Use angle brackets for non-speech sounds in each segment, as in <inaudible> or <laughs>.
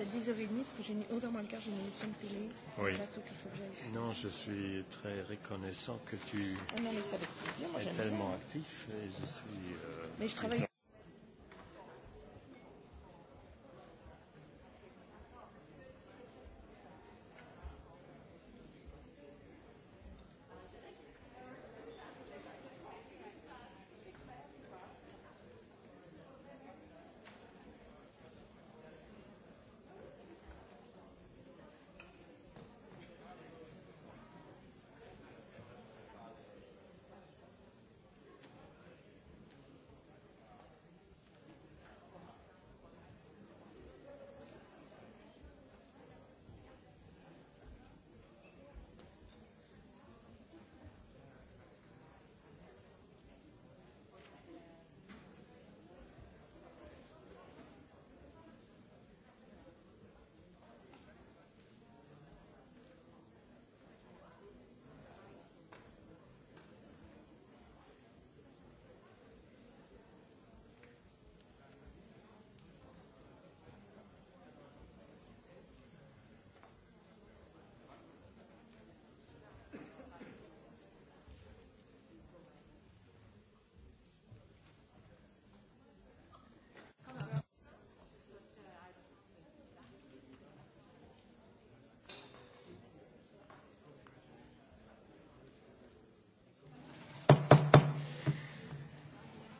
à 10h30 parce que j'ai 11h moins le quart, j'ai une émission de télé. Oui. Bateau qu'il faut que Non, je suis très reconnaissant que tu ah non, mais ça plaisir, moi, es tellement bien. actif et je suis. Euh, mais je travaille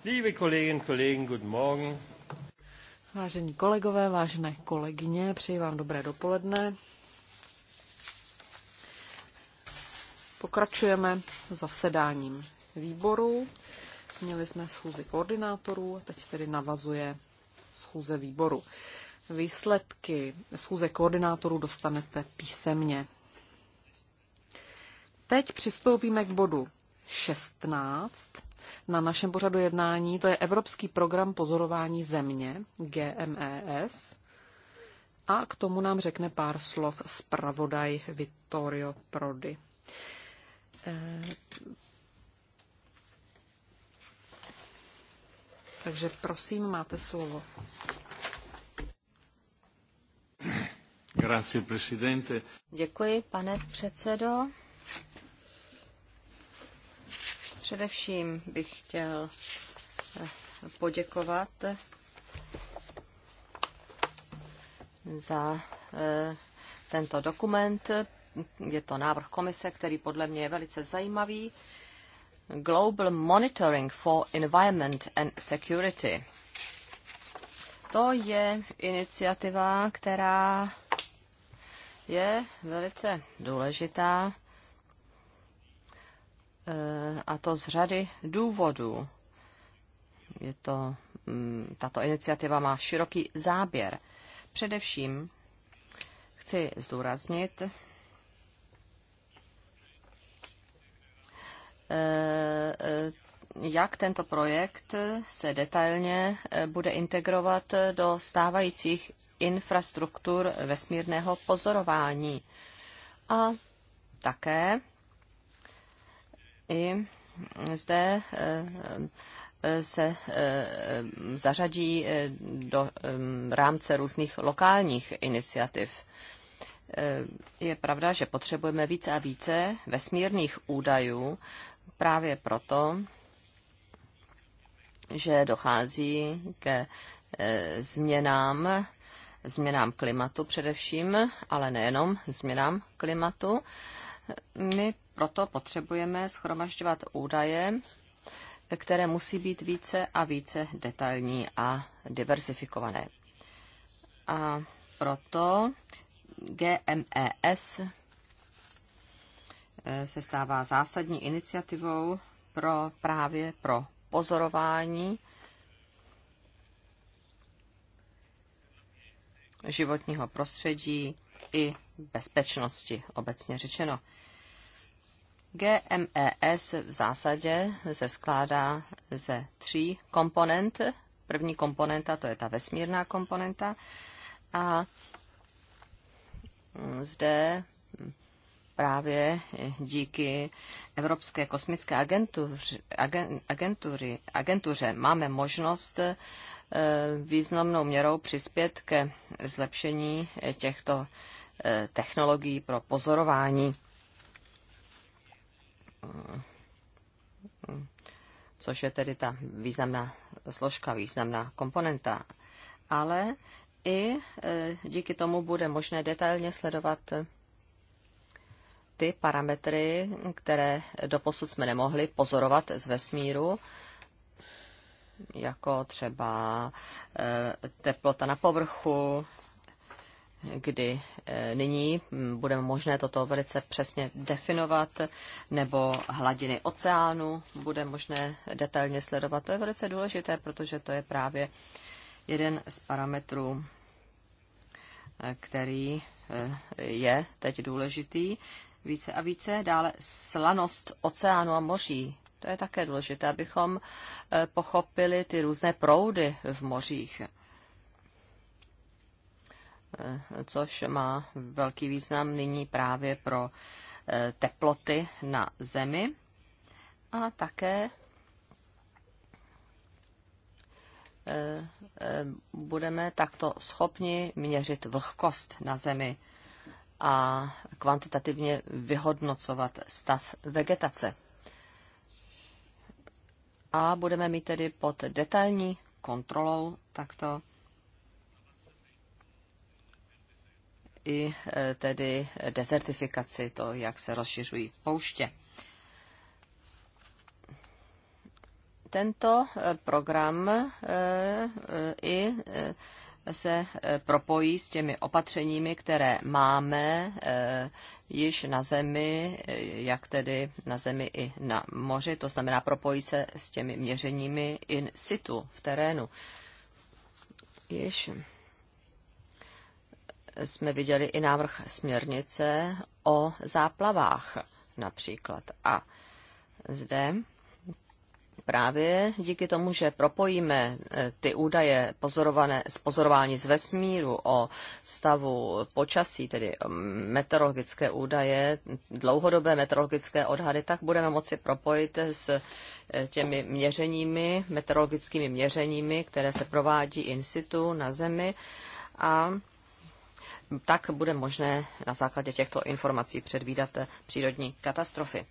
Liebe Kolleginnen, Kollegen, guten Morgen. Vážení kolegové, vážené kolegyně, přeji vám dobré dopoledne. Pokračujeme zasedáním výboru. Měli jsme schůzi koordinátorů a teď tedy navazuje schůze výboru. Výsledky schůze koordinátorů dostanete písemně. Teď přistoupíme k bodu 16 na našem pořadu jednání. To je Evropský program pozorování země, GMES. A k tomu nám řekne pár slov zpravodaj Vittorio Prodi. Eh, takže prosím, máte slovo. Děkuji, pane předsedo. Především bych chtěl eh, poděkovat eh, za eh, tento dokument. Je to návrh komise, který podle mě je velice zajímavý. Global Monitoring for Environment and Security. To je iniciativa, která je velice důležitá a to z řady důvodů. Je to, mm, tato iniciativa má široký záběr. Především chci zdůraznit, eh, eh, jak tento projekt se detailně eh, bude integrovat do stávajících infrastruktur vesmírného pozorování. A také i zde eh, eh, se eh, zařadí do rámce různých lokálních iniciativ. Je pravda, že potřebujeme více a více vesmírných údajů právě proto, že dochází ke změnám, změnám klimatu především, ale nejenom změnám klimatu my proto potřebujeme schromažďovat údaje, které musí být více a více detailní a diversifikované. A proto GMES se stává zásadní iniciativou pro právě pro pozorování životního prostředí i bezpečnosti, obecně řečeno. GMES v zásadě se skládá ze tří komponent. První komponenta, to je ta vesmírná komponenta. A zde právě díky Evropské kosmické agentuři, agentuře máme možnost eh, významnou měrou přispět ke zlepšení těchto eh, technologií pro pozorování což je tedy ta významná složka, významná komponenta. Ale i e, díky tomu bude možné detailně sledovat e, ty parametry, které doposud jsme nemohli pozorovat z vesmíru, jako třeba e, teplota na povrchu, kdy eh, nyní hm, bude možné toto velice přesně definovat, nebo hladiny oceánu bude možné detailně sledovat. To je velice důležité, protože to je právě jeden z parametrů, eh, který eh, je teď důležitý více a více. Dále slanost oceánu a moří. To je také důležité, abychom pochopili ty různé proudy v mořích Eh, což má velký význam nyní právě pro eh, teploty na Zemi a také eh, budeme takto schopni měřit vlhkost na Zemi a kvantitativně vyhodnocovat stav vegetace. A budeme mít tedy pod detailní kontrolou takto i e, tedy desertifikaci, to, jak se rozšiřují pouště. Tento e, program e, i se propojí s těmi opatřeními, které máme již na zemi, jak tedy na zemi i na moři, to znamená propojí se s těmi měřeními in situ v terénu. Již jsme viděli i návrh směrnice o záplavách například. A zde právě díky tomu, že propojíme eh, ty údaje pozorované, z pozorování z vesmíru o stavu počasí, tedy mm, meteorologické údaje, dlouhodobé meteorologické odhady, tak budeme moci propojit s eh, těmi měřeními, meteorologickými měřeními, které se provádí in situ na Zemi a tak bude možné na základě těchto informací předvídat přírodní katastrofy.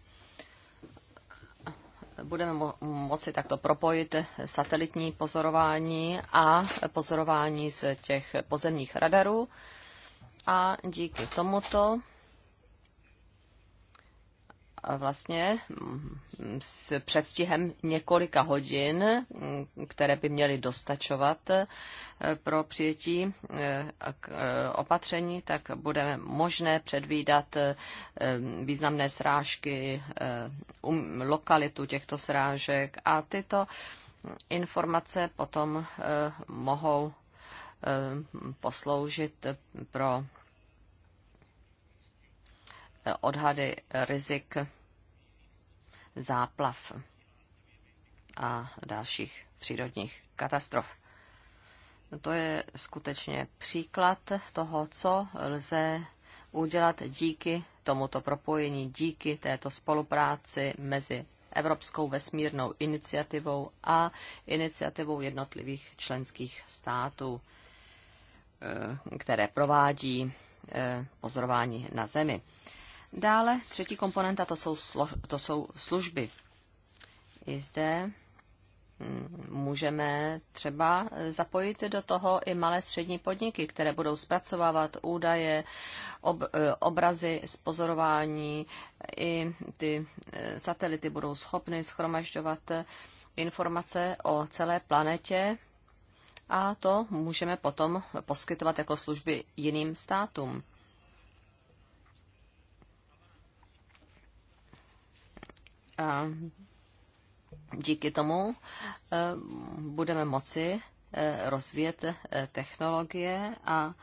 Budeme mo- moci takto propojit satelitní pozorování a pozorování z těch pozemních radarů. A díky tomuto vlastně mm, s předstihem několika hodin, mm, které by měly dostačovat eh, pro přijetí eh, eh, opatření, tak bude možné předvídat významné srážky, um, lokalitu těchto srážek a tyto informace potom mohou posloužit pro odhady rizik záplav a dalších přírodních katastrof. To je skutečně příklad toho, co lze udělat díky tomuto propojení, díky této spolupráci mezi Evropskou vesmírnou iniciativou a iniciativou jednotlivých členských států, eh, které provádí eh, pozorování na Zemi. Dále třetí komponenta to jsou, slo, to jsou služby. I zde mm, můžeme třeba zapojit do toho i malé střední podniky, které budou zpracovávat údaje, ob, e, obrazy z pozorování, i ty e, satelity budou schopny schromažďovat informace o celé planetě a to můžeme potom poskytovat jako služby jiným státům. A díky tomu e, budeme moci e, rozvíjet e, technologie a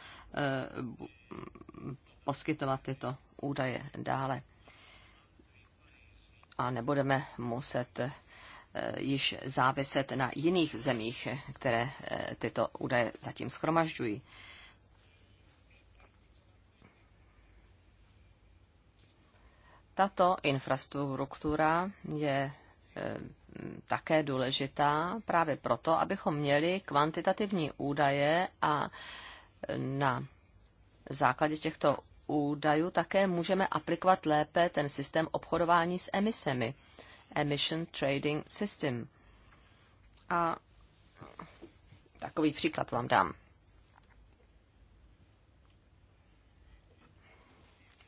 poskytovat tyto údaje dále. A nebudeme muset již záviset na jiných zemích, které tyto údaje zatím schromažďují. Tato infrastruktura je eh, také důležitá právě proto, abychom měli kvantitativní údaje a eh, na základě těchto údajů také můžeme aplikovat lépe ten systém obchodování s emisemi, Emission Trading System. A takový příklad vám dám.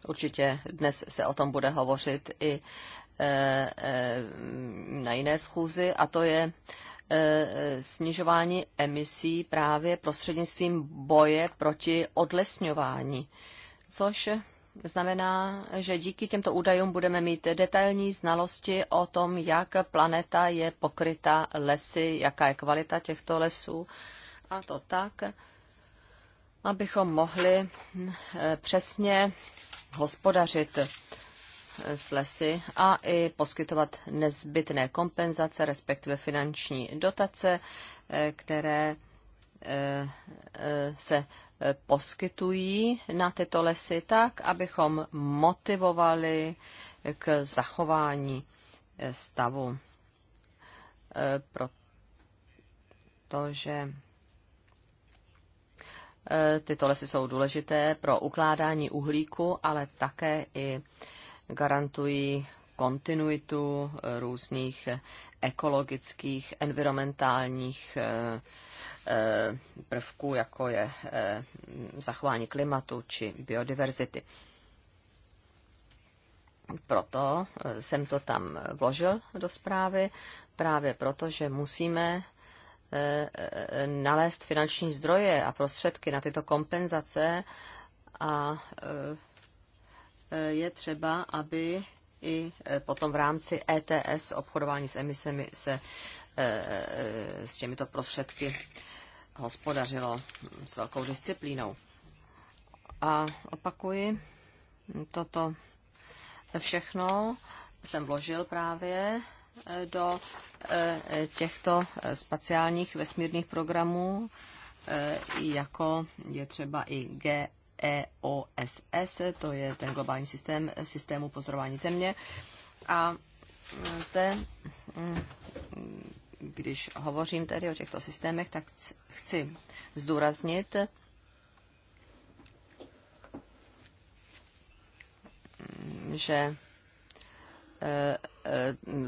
Určitě dnes se o tom bude hovořit i eh, eh, na jiné schůzi, a to je eh, snižování emisí právě prostřednictvím boje proti odlesňování, což znamená, že díky těmto údajům budeme mít detailní znalosti o tom, jak planeta je pokryta lesy, jaká je kvalita těchto lesů. A to tak, abychom mohli přesně hospodařit s lesy a i poskytovat nezbytné kompenzace, respektive finanční dotace, eh, které eh, eh, se poskytují na tyto lesy tak, abychom motivovali k zachování stavu. Protože Eh, tyto lesy jsou důležité pro ukládání uhlíku, ale také i garantují kontinuitu eh, různých ekologických, environmentálních eh, prvků, jako je zachování klimatu či biodiverzity. Proto jsem to tam vložil do zprávy, právě proto, že musíme Eh, eh, nalézt finanční zdroje a prostředky na tyto kompenzace a eh, je třeba, aby i potom v rámci ETS obchodování s emisemi se s těmito prostředky hospodařilo s velkou disciplínou. A opakuji, toto všechno jsem vložil právě do eh, těchto eh, speciálních vesmírných programů, eh, jako je třeba i GEOSS, to je ten globální systém systému pozorování země. A zde, hm, když hovořím tedy o těchto systémech, tak chci zdůraznit, hm, že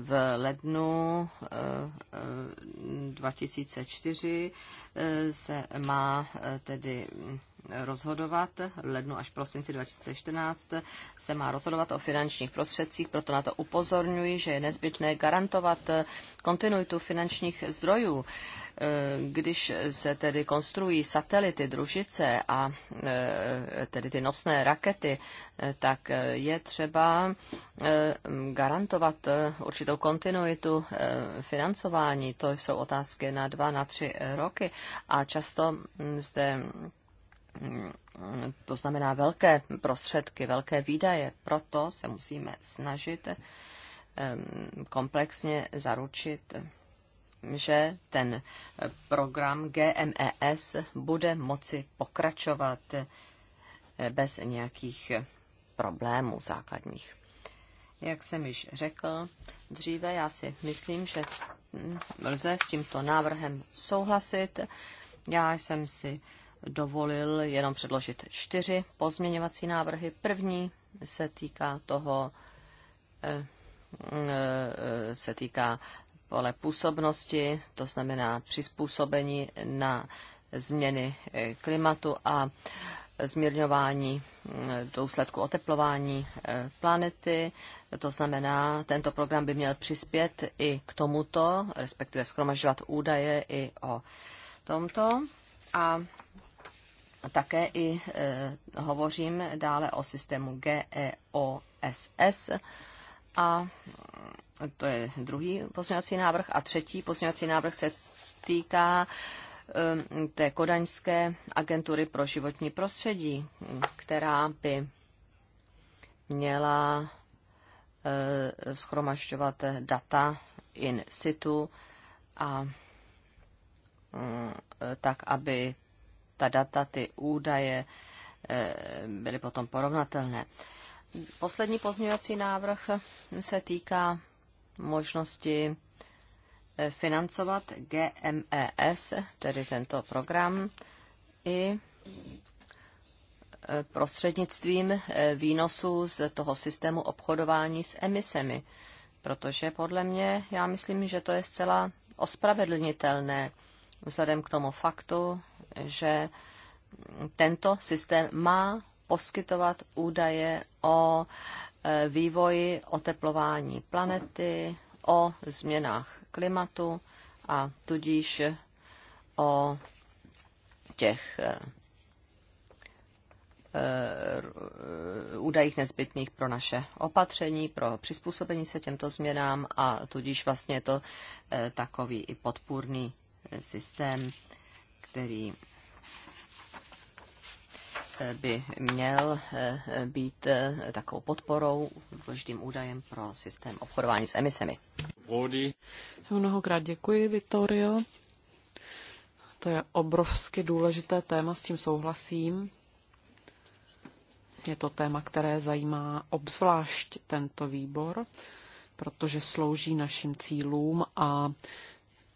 v lednu eh, eh, 2004 eh, se má tedy rozhodovat, v lednu až prosinci 2014 se má rozhodovat o finančních prostředcích, proto na to upozorňuji, že je nezbytné garantovat kontinuitu finančních zdrojů. E, když se tedy konstruují satelity, družice a e, tedy ty nosné rakety, e, tak je třeba garantovat určitou kontinuitu financování. To jsou otázky na dva, na tři roky a často zde to znamená velké prostředky, velké výdaje. Proto se musíme snažit komplexně zaručit, že ten program GMES bude moci pokračovat eh, bez nějakých problémů základních. Jak jsem již řekl dříve, já si myslím, že lze s tímto návrhem souhlasit. Já jsem si dovolil jenom předložit čtyři pozměňovací návrhy. První se týká toho, eh, eh, se týká pole působnosti, to znamená přizpůsobení na změny eh, klimatu a zmírňování důsledku oteplování planety. To znamená, tento program by měl přispět i k tomuto, respektive schromažďovat údaje i o tomto. A také i eh, hovořím dále o systému GEOSS a to je druhý pozměňovací návrh. A třetí pozměňovací návrh se týká eh, té kodaňské agentury pro životní prostředí, která by měla eh, schromažďovat data in situ a mm, tak, aby ta data, ty údaje eh, byly potom porovnatelné. Poslední pozměňovací návrh se týká možnosti eh, financovat GMES, tedy tento program, i eh, prostřednictvím výnosů z toho systému obchodování s emisemi. Protože podle mě, já myslím, že to je zcela ospravedlnitelné vzhledem k tomu faktu, že tento systém má poskytovat údaje o e, vývoji oteplování planety, o změnách klimatu a tudíž o těch e, e, údajích nezbytných pro naše opatření, pro přizpůsobení se těmto změnám a tudíž vlastně je to takový i podpůrný systém který eh, by měl eh, být eh, takovou podporou, důležitým údajem pro systém obchodování s emisemi. Brody. Mnohokrát děkuji, Vittorio. To je obrovsky důležité téma, s tím souhlasím. Je to téma, které zajímá obzvlášť tento výbor, protože slouží našim cílům a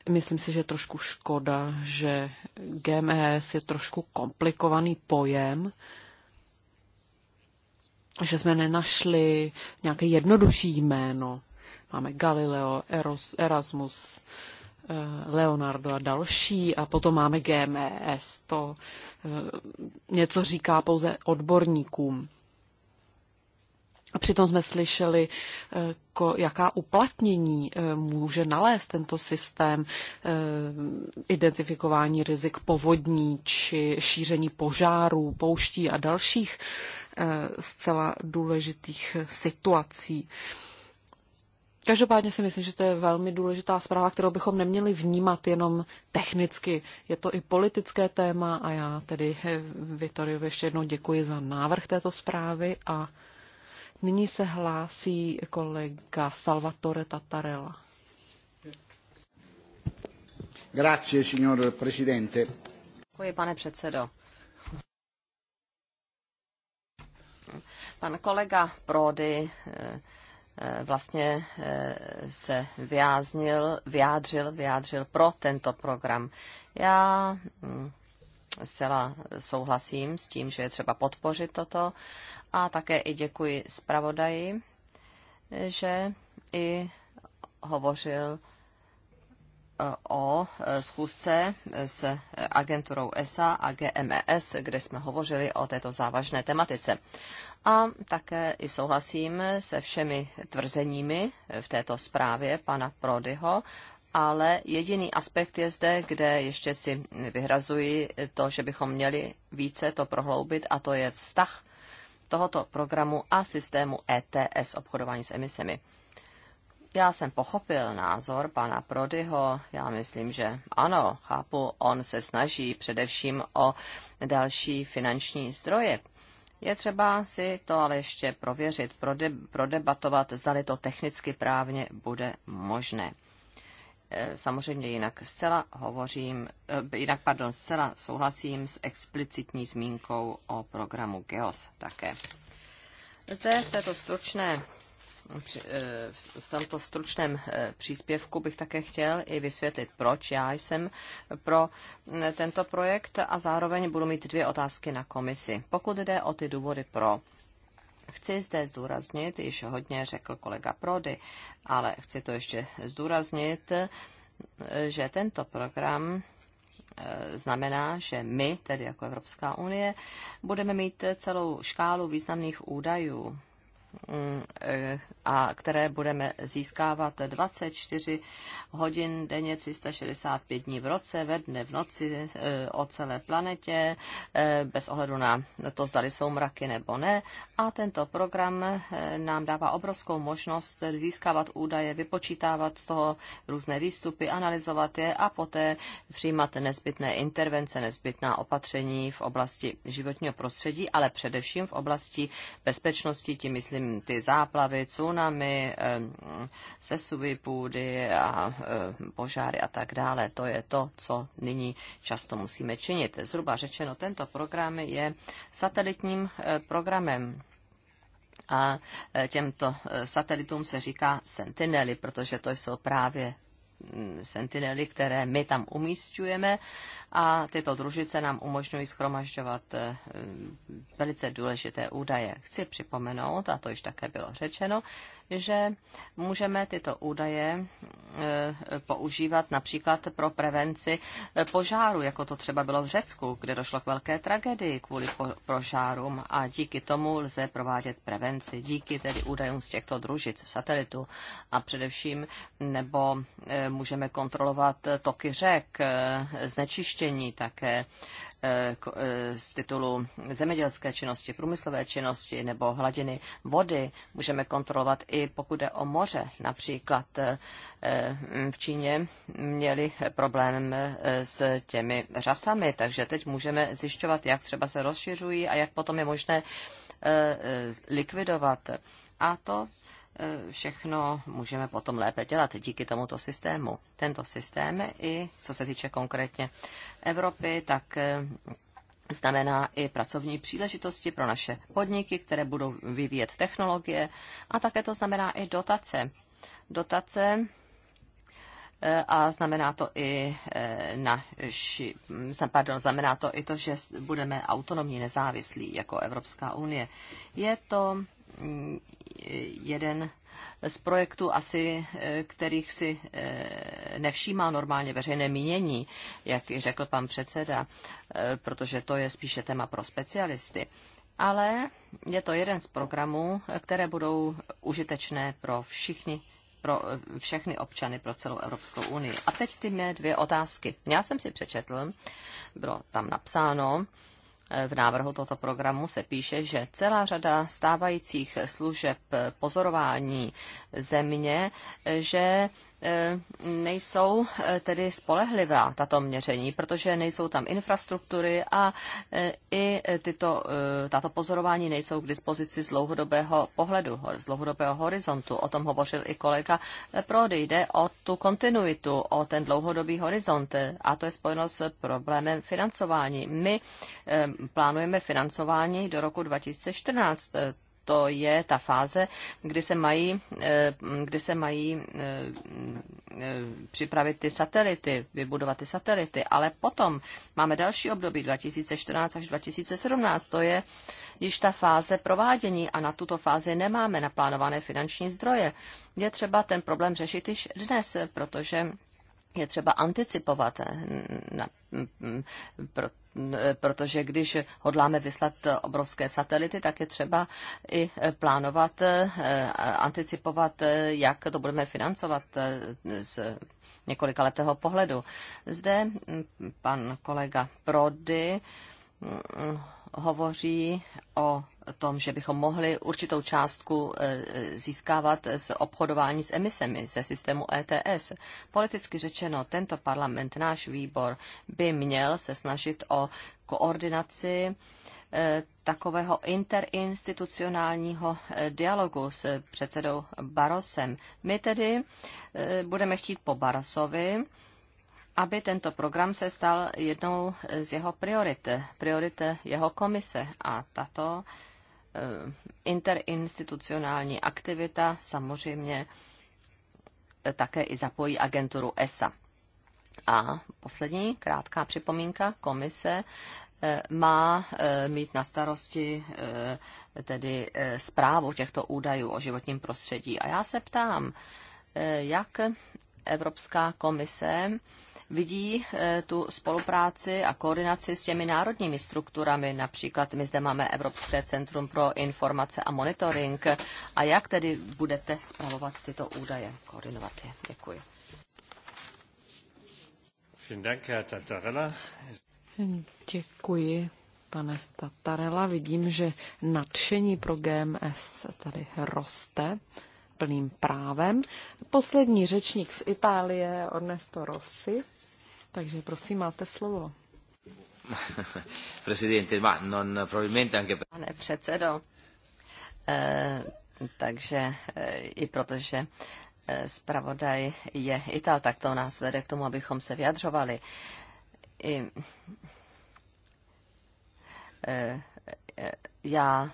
Myslím si, že je trošku škoda, že GMS je trošku komplikovaný pojem, že jsme nenašli nějaké jednodušší jméno. Máme Galileo, Eros, Erasmus, eh, Leonardo a další a potom máme GMS. To eh, něco říká pouze odborníkům. A Přitom jsme slyšeli, eh, jaká uplatnění eh, může nalézt tento systém eh, identifikování rizik povodní či šíření požárů, pouští a dalších zcela důležitých situací. Každopádně si myslím, že to je velmi důležitá zpráva, kterou bychom neměli vnímat jenom technicky. Je to i politické téma a já tedy Vitoriovi ještě jednou děkuji za návrh této zprávy a Nyní se hlásí kolega Salvatore Tatarella. Grazie, signor presidente. Děkuji, pane předsedo. Pan kolega Prody eh, eh, vlastně eh, se vyjádřil, vyjádřil, vyjádřil pro tento program. Já mm, zcela souhlasím s tím, že je třeba podpořit toto a také i děkuji zpravodaji, že i hovořil e, o e, schůzce s agenturou ESA a GMES, kde jsme hovořili o této závažné tematice. A také i souhlasím se všemi tvrzeními v této zprávě pana Prodyho ale jediný aspekt je zde, kde ještě si vyhrazuji to, že bychom měli více to prohloubit, a to je vztah tohoto programu a systému ETS obchodování s emisemi. Já jsem pochopil názor pana Prodyho, já myslím, že ano, chápu, on se snaží především o další finanční zdroje. Je třeba si to ale ještě prověřit, prode, prodebatovat, zda to technicky právně bude možné. Eh, samozřejmě jinak zcela hovořím, eh, jinak, pardon, zcela souhlasím s explicitní zmínkou o programu GEOS také. Zde v této stručné eh, v tomto stručném příspěvku bych také chtěl i vysvětlit, proč já jsem pro tento projekt a zároveň budu mít dvě otázky na komisi. Pokud jde o ty důvody pro, Chci zde zdůraznit, již hodně řekl kolega Prody, ale chci to ještě zdůraznit, že tento program e, znamená, že my, tedy jako Evropská unie, budeme mít celou škálu významných údajů Mm, eh, a které budeme získávat 24 hodin denně, 365 dní v roce, ve dne, v noci, eh, o celé planetě, eh, bez ohledu na to, zdali jsou mraky nebo ne. A tento program nám dává obrovskou možnost získávat údaje, vypočítávat z toho různé výstupy, analyzovat je a poté přijímat nezbytné intervence, nezbytná opatření v oblasti životního prostředí, ale především v oblasti bezpečnosti, tím myslím ty záplavy, tsunami, sesuvy půdy a požáry a tak dále. To je to, co nyní často musíme činit. Zhruba řečeno, tento program je satelitním eh, programem a eh, těmto eh, satelitům se říká sentinely, protože to jsou právě Mm, sentinely, které my tam umístujeme a tyto družice nám umožňují schromažďovat eh, mm, velice důležité údaje. Chci připomenout, a to již také bylo řečeno, že můžeme tyto údaje eh, používat například pro prevenci eh, požáru, jako to třeba bylo v Řecku, kde došlo k velké tragédii kvůli požárům a díky tomu lze provádět prevenci, díky tedy údajům z těchto družic, satelitu a především nebo eh, můžeme kontrolovat toky řek, znečištění také Eh, eh, z titulu zemědělské činnosti, průmyslové činnosti nebo hladiny vody. Můžeme kontrolovat i pokud jde o moře. Například eh, v Číně měli problém s těmi řasami, takže teď můžeme zjišťovat, jak třeba se rozšiřují a jak potom je možné likvidovat. A to Eh, všechno můžeme potom lépe dělat díky tomuto systému. Tento systém i co se týče konkrétně Evropy, tak eh, znamená i pracovní příležitosti pro naše podniky, které budou vyvíjet technologie a také to znamená i dotace. Dotace eh, a znamená to i naši, pardon, znamená to i to, že budeme autonomní nezávislí jako Evropská unie. Je to jeden z projektů asi, eh, kterých si eh, nevšímá normálně veřejné mínění, jak i řekl pan předseda, eh, protože to je spíše téma pro specialisty. Ale je to jeden z programů, které budou užitečné pro všichni pro všechny občany, pro celou Evropskou unii. A teď ty mé dvě otázky. Já jsem si přečetl, bylo tam napsáno, v návrhu tohoto programu se píše, že celá řada stávajících služeb pozorování země, že Eh, nejsou eh, tedy spolehlivá, tato měření, protože nejsou tam infrastruktury a eh, i tyto, tato pozorování nejsou k dispozici z dlouhodobého pohledu, z dlouhodobého horizontu. O tom hovořil i kolega Prody. Jde o tu kontinuitu, o ten dlouhodobý horizont a to je spojeno s problémem financování. My plánujeme financování do roku 2014 to je ta fáze, kdy se mají, eh, kdy se mají eh, eh, připravit ty satelity, vybudovat ty satelity, ale potom máme další období 2014 až 2017, to je již ta fáze provádění a na tuto fázi nemáme naplánované finanční zdroje. Je třeba ten problém řešit již dnes, protože je třeba anticipovat, eh, na, pro, eh, protože když hodláme vyslat obrovské satelity, tak je třeba i eh, plánovat, anticipovat, jak to budeme financovat z několika letého pohledu. Zde mm, pan kolega Prody mm, hovoří o tom, že bychom mohli určitou částku e, e, získávat z obchodování s emisemi ze systému ETS. Politicky řečeno, tento parlament, náš výbor, by měl se snažit o koordinaci e, takového interinstitucionálního dialogu s předsedou Barosem. My tedy budeme chtít po Barosovi, aby tento program se stal jednou z jeho priorit, priorit jeho komise. A tato Eh, interinstitucionální aktivita samozřejmě také i zapojí agenturu ESA. A poslední krátká připomínka. Komise eh, má eh, mít na starosti tedy zprávu těchto údajů o životním prostředí. A já se ptám, jak Evropská komise vidí eh, tu spolupráci a koordinaci s těmi národními strukturami. Například my zde máme Evropské centrum pro informace a monitoring. A jak tedy budete spravovat tyto údaje, koordinovat je? Děkuji. Děkuji, pane Tatarela. Vidím, že nadšení pro GMS tady roste plným právem. Poslední řečník z Itálie, Ernesto Rossi. Takže prosím, máte slovo. <laughs> Presidente, ma non probabilmente anche... Pane předsedo, eh, takže eh, i protože eh, zpravodaj je Ital, tak to nás vede k tomu, abychom se vyjadřovali. I, eh, eh, já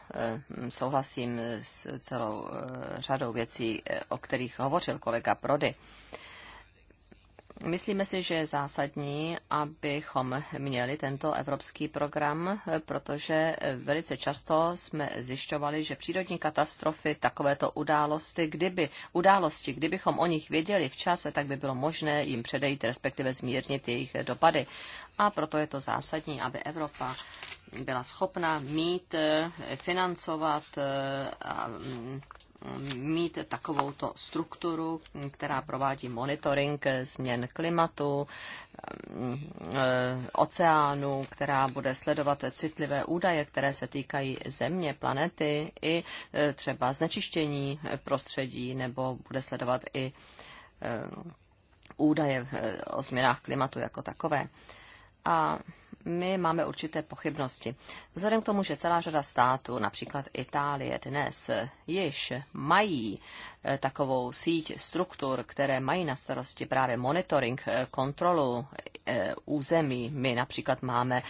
souhlasím s celou řadou věcí, o kterých hovořil kolega Prody. Myslíme si, že je zásadní, abychom měli tento evropský program, protože velice často jsme zjišťovali, že přírodní katastrofy, takovéto události, kdyby, události, kdybychom o nich věděli v čase, tak by bylo možné jim předejít, respektive zmírnit jejich dopady. A proto je to zásadní, aby Evropa byla schopna mít, eh, financovat eh, mm, mít takovouto strukturu, která provádí monitoring změn klimatu, eh, oceánu, která bude sledovat citlivé údaje, které se týkají země, planety i eh, třeba znečištění prostředí, nebo bude sledovat i eh, údaje o změnách klimatu jako takové. A my máme určité pochybnosti. Vzhledem k tomu, že celá řada států, například Itálie dnes, již mají eh, takovou síť struktur, které mají na starosti právě monitoring, eh, kontrolu eh, území. My například máme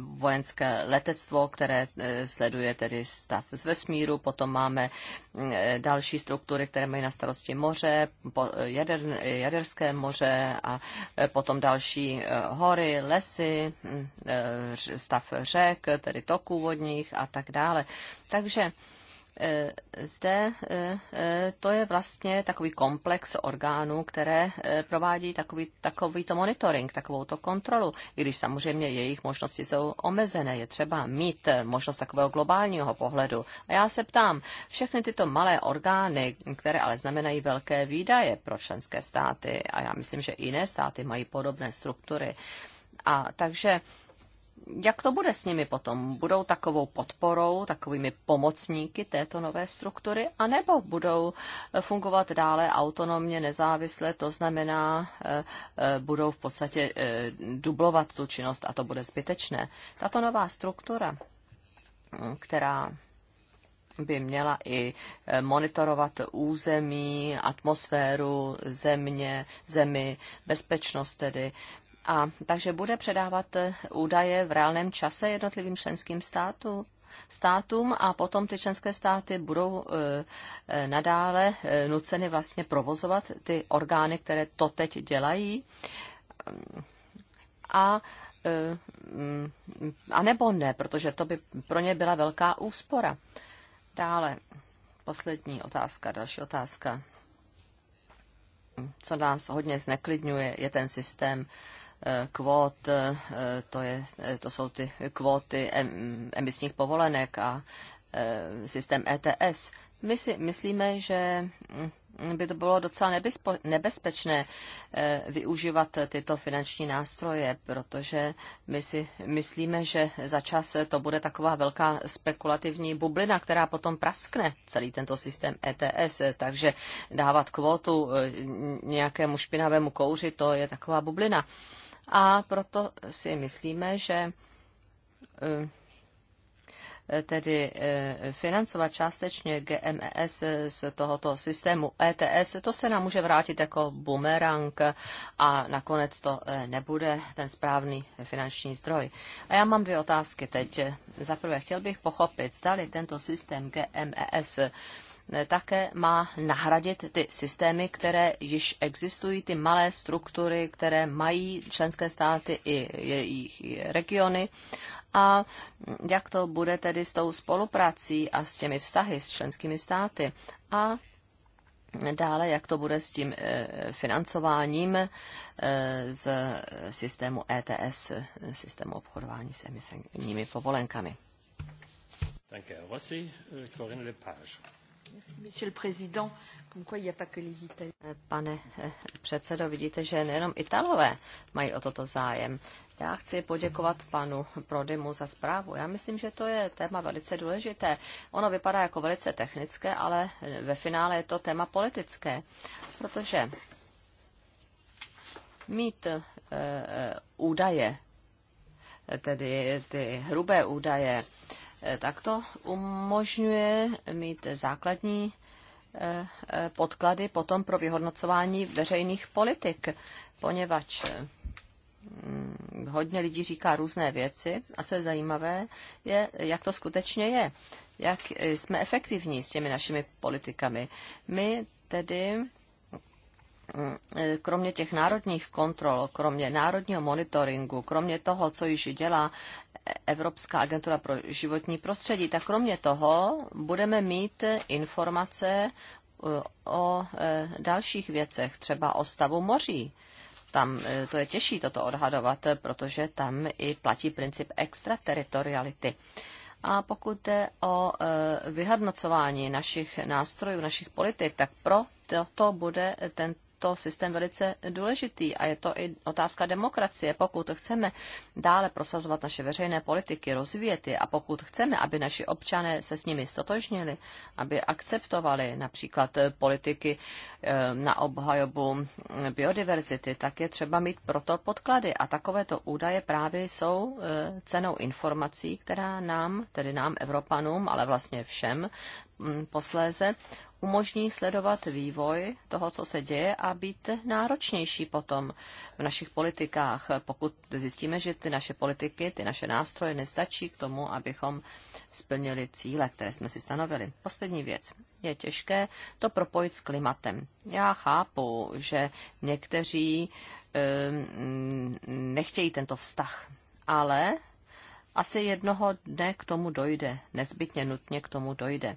vojenské letectvo, které sleduje tedy stav z vesmíru, potom máme další struktury, které mají na starosti moře, jader, jaderské moře a potom další hory, lesy, Eh, stav řek, tedy toků vodních a tak dále. Takže eh, zde eh, to je vlastně takový komplex orgánů, které provádí takový, to monitoring, takovou to kontrolu, i když samozřejmě jejich možnosti jsou omezené. Je třeba mít možnost takového globálního pohledu. A já se ptám, všechny tyto malé orgány, které ale znamenají velké výdaje pro členské státy, a já myslím, že i jiné státy mají podobné struktury, a takže jak to bude s nimi potom? Budou takovou podporou, takovými pomocníky této nové struktury, anebo budou eh, fungovat dále autonomně, nezávisle, to znamená, eh, eh, budou v podstatě dublovat tu činnost a to bude zbytečné. Tato nová struktura, hm, která by měla i monitorovat území, atmosféru, země, zemi, bezpečnost tedy, a takže bude předávat eh, údaje v reálném čase jednotlivým členským státu, státům a potom ty členské státy budou e, nadále nuceny vlastně provozovat ty orgány, které to teď dělají. Mm, a mm, a nebo ne, protože to by pro ně byla velká úspora. Dále, poslední otázka, další otázka. Co nás hodně zneklidňuje, je ten systém Eh, kvót, eh, to, je, eh, to jsou ty kvóty emisních povolenek a systém ETS. My si myslíme, že mm, by to bylo docela nebezpečné využívat tyto finanční nástroje, protože my si myslíme, že za čas to bude taková velká spekulativní bublina, která potom praskne celý tento systém ETS. Takže dávat kvotu nějakému špinavému kouři, to je taková bublina a proto si myslíme, že eh, tedy eh, financovat částečně GMES z tohoto systému ETS, to se nám může vrátit jako bumerang a nakonec to eh, nebude ten správný finanční zdroj. A já mám dvě otázky teď. Za prvé, chtěl bych pochopit, zda tento systém GMES také má nahradit ty systémy, které již existují, ty malé struktury, které mají členské státy i jejich regiony. A jak to bude tedy s tou spoluprací a s těmi vztahy s členskými státy? A dále, jak to bude s tím eh, financováním eh, z systému ETS, systému obchodování s emisními povolenkami? Děkuji. Herr Rossi. Corinne Lepage. Eh, pane eh, předsedo, vidíte, že nejenom Italové mají o toto zájem. Já chci poděkovat panu Prodymu za zprávu. Já myslím, že to je téma velice důležité. Ono vypadá jako velice technické, ale ve finále je to téma politické, protože mít e, údaje, tedy ty hrubé údaje, Eh, tak to umožňuje mít základní eh, eh, podklady potom pro vyhodnocování veřejných politik, poněvadž hm, hodně lidí říká různé věci a co je zajímavé, je, jak to skutečně je, jak jsme efektivní s těmi našimi politikami. My tedy hm, kromě těch národních kontrol, kromě národního monitoringu, kromě toho, co již dělá Evropská agentura pro životní prostředí, tak kromě toho budeme mít informace eh, o eh, dalších věcech, třeba o stavu moří. Tam eh, to je těžší toto odhadovat, protože tam i platí princip extrateritoriality. A pokud jde o vyhodnocování našich nástrojů, našich politik, tak pro toto bude ten, to systém velice důležitý a je to i otázka demokracie. Pokud chceme dále prosazovat naše veřejné politiky, rozvíjet je a pokud chceme, aby naši občané se s nimi stotožnili, aby akceptovali například politiky eh, na obhajobu eh, biodiverzity, tak je třeba mít proto podklady. A takovéto údaje právě jsou eh, cenou informací, která nám, tedy nám Evropanům, ale vlastně všem, Mm, posléze umožní sledovat vývoj toho, co se děje a být náročnější potom v našich politikách, pokud zjistíme, že ty naše politiky, ty naše nástroje nestačí k tomu, abychom splnili cíle, které jsme si stanovili. Poslední věc. Je těžké to propojit s klimatem. Já chápu, že někteří eh, mm, nechtějí tento vztah, ale asi jednoho dne k tomu dojde, nezbytně nutně k tomu dojde.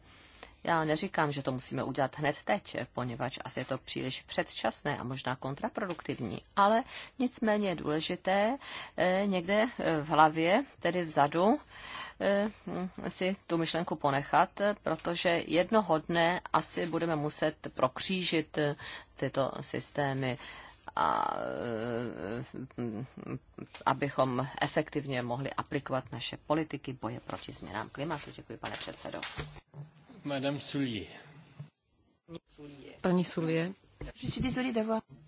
Já neříkám, že to musíme udělat hned teď, poněvadž asi je to příliš předčasné a možná kontraproduktivní, ale nicméně je důležité eh, někde eh, v hlavě, tedy vzadu, eh, si tu myšlenku ponechat, protože jednoho dne asi budeme muset prokřížit tyto systémy a abychom efektivně mohli aplikovat naše politiky boje proti změnám klimatu. Děkuji, pane předsedo. Madame Soulier. Paní Soulier.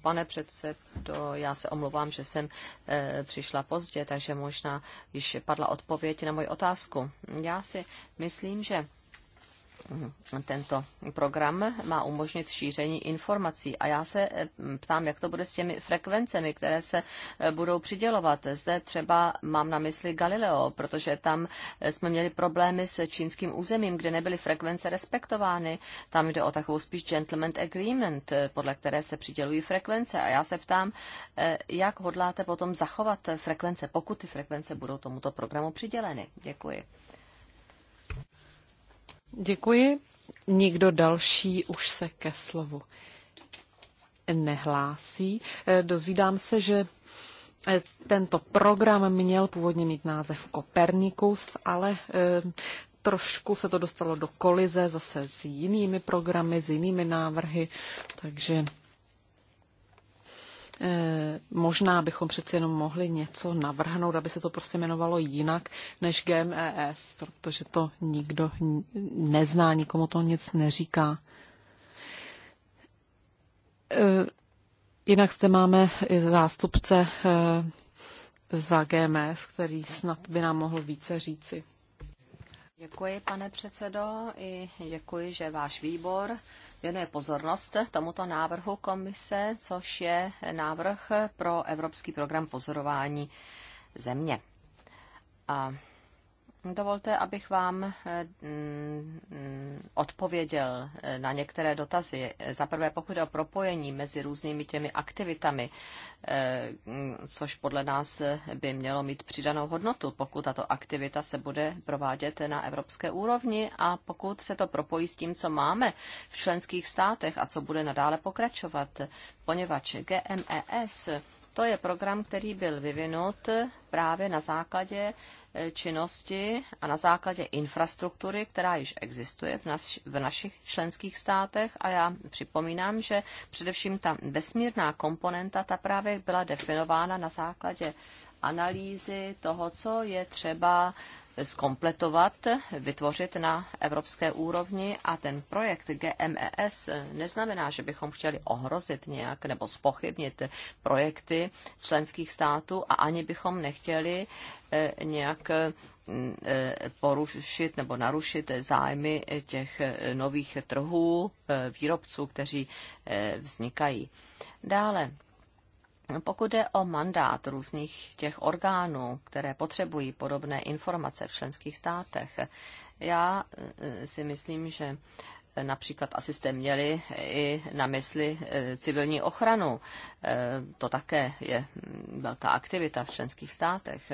Pane předsedo, já se omlouvám, že jsem e, přišla pozdě, takže možná již padla odpověď na moji otázku. Já si myslím, že tento program má umožnit šíření informací. A já se eh, ptám, jak to bude s těmi frekvencemi, které se eh, budou přidělovat. Zde třeba mám na mysli Galileo, protože tam eh, jsme měli problémy s čínským územím, kde nebyly frekvence respektovány. Tam jde o takovou spíš gentleman agreement, podle které se přidělují frekvence. A já se ptám, jak hodláte potom zachovat frekvence, pokud ty frekvence budou tomuto programu přiděleny. Děkuji. Děkuji. Nikdo další už se ke slovu nehlásí. Eh, dozvídám se, že eh, tento program měl původně mít název Kopernikus, ale eh, trošku se to dostalo do kolize zase s jinými programy, s jinými návrhy, takže Eh, možná bychom přeci jenom mohli něco navrhnout, aby se to prostě jmenovalo jinak než GMEF, protože to nikdo nezná, nikomu to nic neříká. Eh, jinak zde máme i zástupce eh, za GMS, e který snad by nám mohl více říci. Děkuji, pane předsedo, i děkuji, že váš výbor věnuje pozornost tomuto návrhu komise, což je návrh pro Evropský program pozorování země. A Dovolte, abych vám eh, mm, odpověděl eh, na některé dotazy. Za prvé, pokud o propojení mezi různými těmi aktivitami, eh, mm, což podle nás by mělo mít přidanou hodnotu, pokud tato aktivita se bude provádět na evropské úrovni a pokud se to propojí s tím, co máme v členských státech a co bude nadále pokračovat, poněvadž GMES to je program, který byl vyvinut právě na základě činnosti a na základě infrastruktury, která již existuje v, naš, v našich členských státech. A já připomínám, že především ta vesmírná komponenta, ta právě byla definována na základě analýzy toho, co je třeba zkompletovat, vytvořit na evropské úrovni a ten projekt GMES neznamená, že bychom chtěli ohrozit nějak nebo spochybnit projekty členských států a ani bychom nechtěli eh, nějak eh, porušit nebo narušit zájmy těch eh, nových trhů výrobců, kteří vznikají. Dále pokud jde o mandát různých těch orgánů, které potřebují podobné informace v členských státech, já eh, si myslím, že eh, například asi jste měli i na mysli eh, civilní ochranu. To také je hm, velká aktivita v členských státech.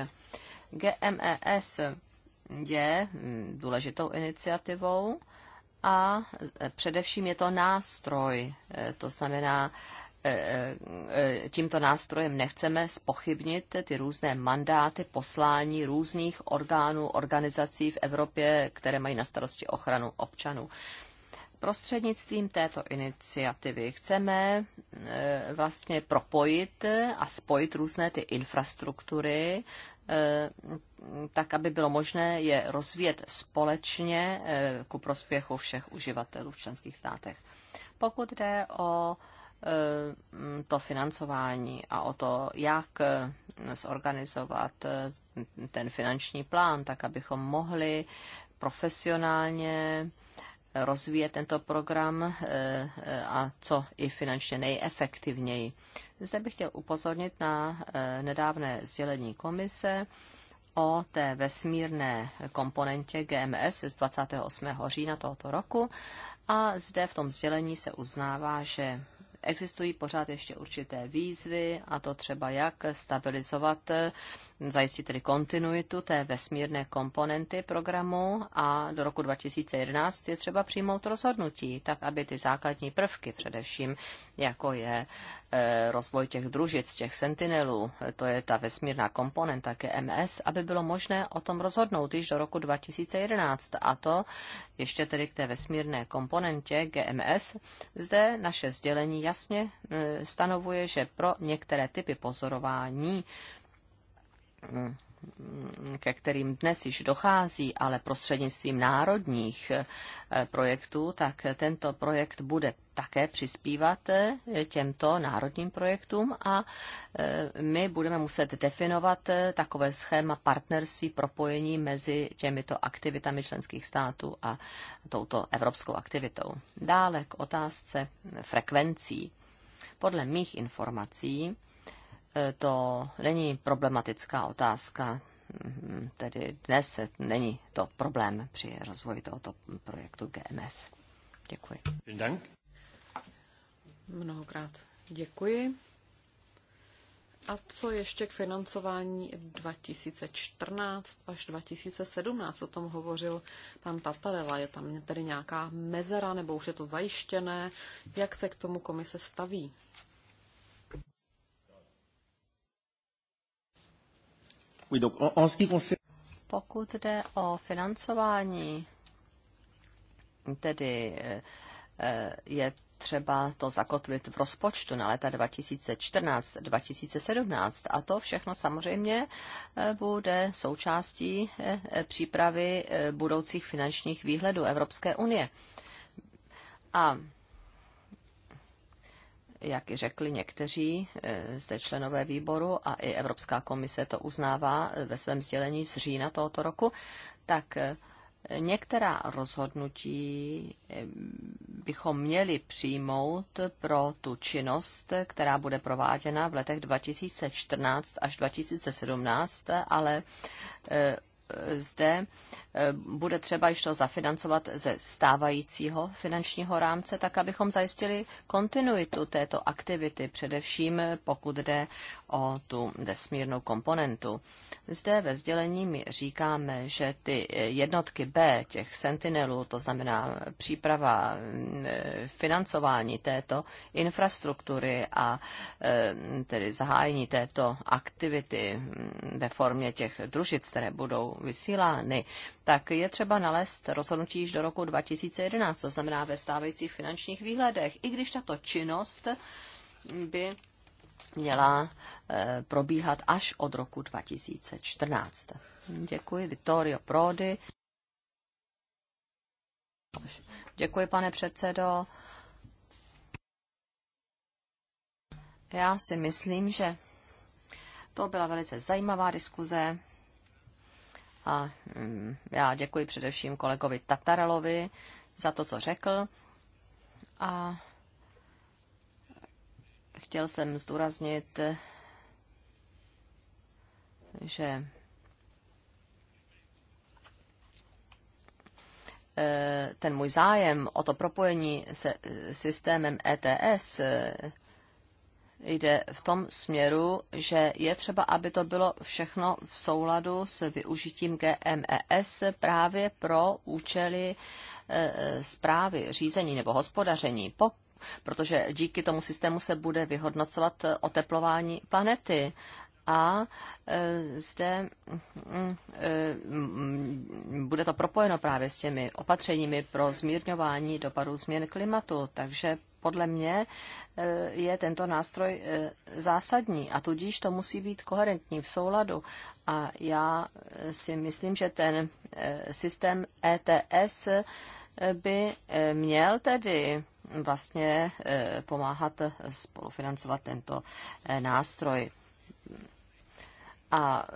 GMES je hm, důležitou iniciativou a především je to nástroj, to znamená, E, e, tímto nástrojem nechceme spochybnit ty různé mandáty, poslání různých orgánů, organizací v Evropě, které mají na starosti ochranu občanů. Prostřednictvím této iniciativy chceme e, vlastně propojit a spojit různé ty infrastruktury, tak, aby bylo možné je rozvíjet společně ku prospěchu všech uživatelů v členských státech. Pokud jde o Eh, to financování a o to, jak eh, zorganizovat eh, ten finanční plán, tak abychom mohli profesionálně rozvíjet tento program a co i finančně nejefektivněji. Zde bych chtěl upozornit na nedávné sdělení komise o té vesmírné komponentě GMS z 28. října tohoto roku a zde v tom sdělení se uznává, že existují pořád ještě určité výzvy, a to třeba jak stabilizovat, zajistit tedy kontinuitu té vesmírné komponenty programu a do roku 2011 je třeba přijmout rozhodnutí, tak aby ty základní prvky především, jako je Eh, rozvoj těch družic, těch sentinelů, eh, to je ta vesmírná komponenta KMS, aby bylo možné o tom rozhodnout již do roku 2011. A to ještě tedy k té vesmírné komponentě GMS. Zde naše sdělení jasně eh, stanovuje, že pro některé typy pozorování hm, ke kterým dnes již dochází, ale prostřednictvím národních eh, projektů, tak tento projekt bude také přispívat eh, těmto národním projektům a eh, my budeme muset definovat takové schéma partnerství, propojení mezi těmito aktivitami členských států a touto evropskou aktivitou. Dále k otázce frekvencí. Podle mých informací Eh, to není problematická otázka, mm, tedy dnes není to problém při rozvoji tohoto projektu GMS. Děkuji. Dank. Mnohokrát děkuji. A co ještě k financování 2014 až 2017? O tom hovořil pan Tatarela. Je tam tedy nějaká mezera nebo už je to zajištěné? Jak se k tomu komise staví? Pokud jde o financování, tedy eh, eh, je třeba to zakotvit v rozpočtu na leta 2014-2017 a to všechno samozřejmě eh, bude součástí přípravy budoucích finančních výhledů Evropské unie. A jak i řekli někteří e, zde členové výboru a i Evropská komise to uznává e, ve svém sdělení z října tohoto roku, tak e, některá rozhodnutí bychom měli přijmout pro tu činnost, která bude prováděna v letech 2014 až 2017, ale zde eh, bude třeba již to zafinancovat ze stávajícího finančního rámce, tak abychom zajistili kontinuitu této aktivity, především pokud jde o tu vesmírnou komponentu. Zde ve sdělení my říkáme, že ty jednotky B, těch sentinelů, to znamená příprava, mm, financování této infrastruktury a mm, tedy zahájení této aktivity mm, ve formě těch družic, které budou vysílány, tak je třeba nalézt rozhodnutí již do roku 2011, to znamená ve stávajících finančních výhledech, i když tato činnost by měla eh, probíhat až od roku 2014. Děkuji, Vittorio Prodi. Děkuji, pane předsedo. Já si myslím, že to byla velice zajímavá diskuze a mm, já děkuji především kolegovi Tatarelovi za to, co řekl. A chtěl jsem zdůraznit, že e, ten můj zájem o to propojení se e, systémem ETS e, jde v tom směru, že je třeba, aby to bylo všechno v souladu s využitím GMES právě pro účely zprávy, řízení nebo hospodaření. Pokud protože díky tomu systému se bude vyhodnocovat eh, oteplování planety. A eh, zde mm, eh, bude to propojeno právě s těmi opatřeními pro zmírňování dopadů změn klimatu. Takže podle mě je tento nástroj zásadní a tudíž to musí být koherentní v souladu. A já si myslím, že ten systém ETS by eh, měl tedy eh, vlastně eh, pomáhat spolufinancovat tento nástroj. A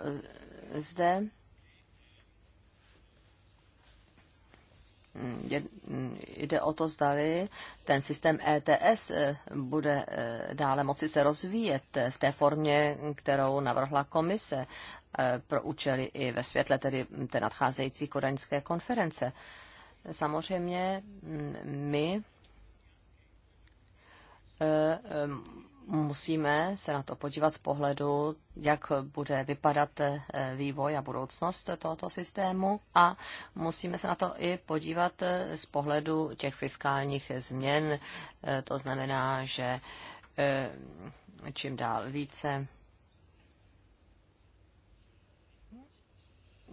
zde mm, mm, jde o to, zdali ten systém ETS bude dále moci se rozvíjet v té formě, kterou navrhla komise pro účely i ve světle tedy té nadcházející kodaňské konference samozřejmě mm, my e, e, musíme se na to podívat z pohledu, jak bude vypadat e, vývoj a budoucnost tohoto systému a musíme se na to i podívat z pohledu těch fiskálních změn. To znamená, že čím dál více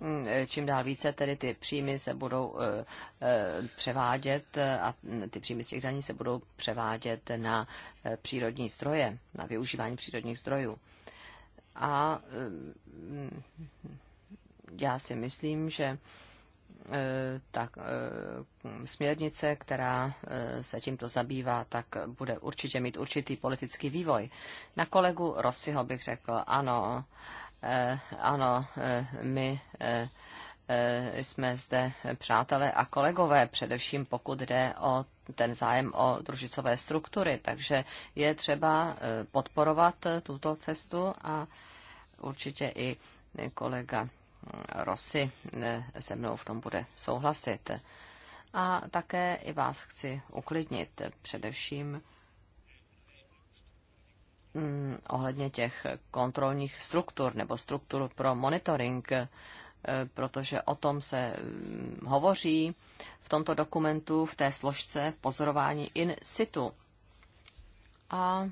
Mm, eh, čím dál více tedy ty příjmy se budou eh, eh, převádět a mm, ty příjmy z těch daní se budou převádět na přírodní zdroje, na využívání přírodních zdrojů. A mm, já si myslím, že tak směrnice, která se tímto zabývá, tak bude určitě mít určitý politický vývoj. Na kolegu Rossiho bych řekl, ano, Eh, ano, eh, my eh, jsme zde přátelé a kolegové, především pokud jde o ten zájem o družicové struktury, takže je třeba podporovat tuto cestu a určitě i kolega Rossi se mnou v tom bude souhlasit. A také i vás chci uklidnit, především mm, ohledně těch kontrolních struktur nebo struktur pro monitoring, eh, protože o tom se mm, hovoří v tomto dokumentu, v té složce pozorování in situ. A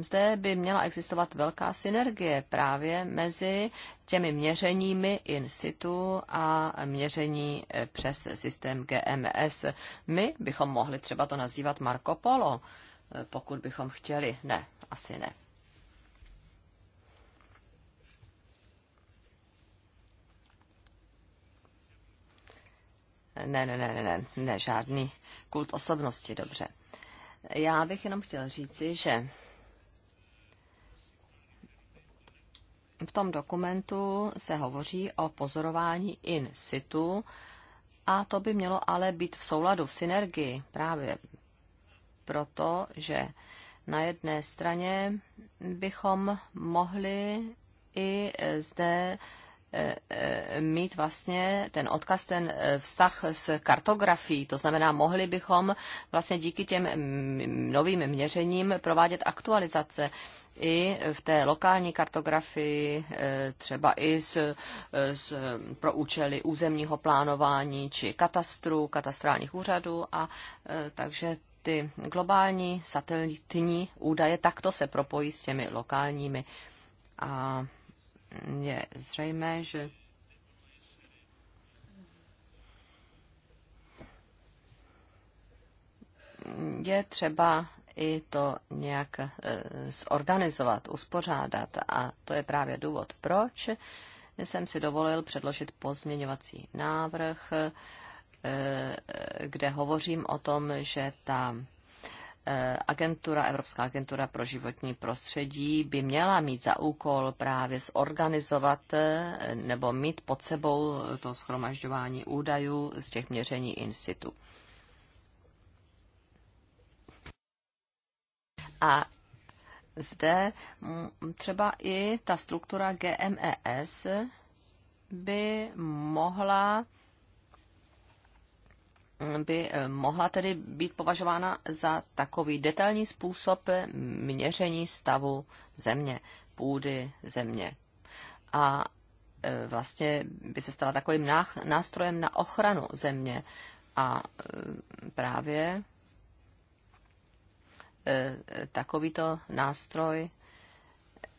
zde by měla existovat velká synergie právě mezi těmi měřeními in situ a měření eh, přes systém GMS. My bychom mohli třeba to nazývat Marco Polo pokud bychom chtěli. Ne, asi ne. Ne, ne, ne, ne, ne, ne, žádný kult osobnosti, dobře. Já bych jenom chtěl říci, že v tom dokumentu se hovoří o pozorování in situ a to by mělo ale být v souladu, v synergii právě protože na jedné straně bychom mohli i zde e, e, mít vlastně ten odkaz, ten e, vztah s kartografií. To znamená, mohli bychom vlastně díky těm novým měřením provádět aktualizace i v té lokální kartografii, třeba i s, s, pro účely územního plánování či katastru, katastrálních úřadů. A takže ty globální satelitní údaje takto se propojí s těmi lokálními. A je zřejmé, že je třeba i to nějak e, zorganizovat, uspořádat. A to je právě důvod, proč jsem si dovolil předložit pozměňovací návrh, Eh, kde hovořím o tom, že ta eh, agentura, Evropská agentura pro životní prostředí by měla mít za úkol právě zorganizovat eh, nebo mít pod sebou to schromažďování údajů z těch měření institu. A zde třeba i ta struktura GMES by mohla by eh, mohla tedy být považována za takový detailní způsob eh, měření stavu země, půdy země. A eh, vlastně by se stala takovým nástrojem na ochranu země. A právě takovýto nástroj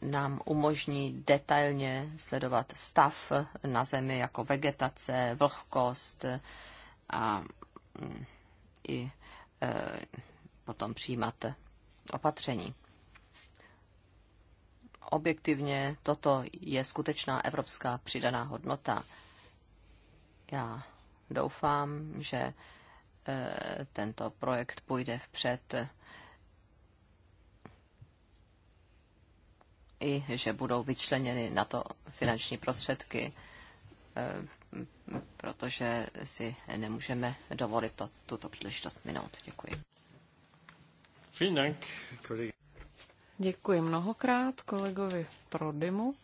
nám umožní detailně sledovat stav na zemi jako vegetace, vlhkost a i e, potom přijímat opatření. Objektivně toto je skutečná evropská přidaná hodnota. Já doufám, že e, tento projekt půjde vpřed i že budou vyčleněny na to finanční prostředky e, protože si nemůžeme dovolit to, tuto příležitost minout. Děkuji. Děkuji mnohokrát kolegovi Prodymu.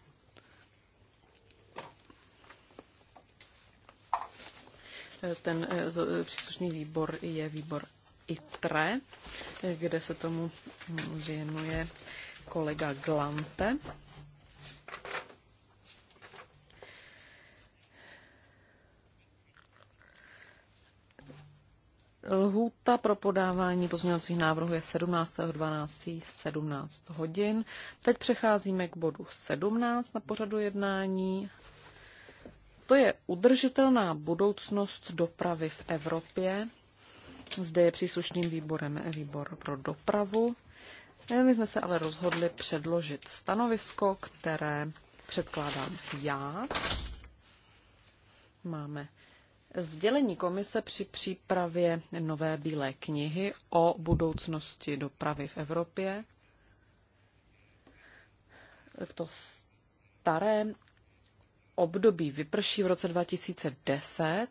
Ten eh, eh, příslušný výbor je výbor ITRE, eh, kde se tomu mm, věnuje kolega Glante. Lhůta pro podávání pozměňovacích návrhů je 17.12. 17 hodin. Teď přecházíme k bodu 17 na pořadu jednání. To je udržitelná budoucnost dopravy v Evropě. Zde je příslušným výborem výbor pro dopravu. E, my jsme se ale rozhodli předložit stanovisko, které předkládám já. Máme Sdělení komise při přípravě nové bílé knihy o budoucnosti dopravy v Evropě. To staré období vyprší v roce 2010,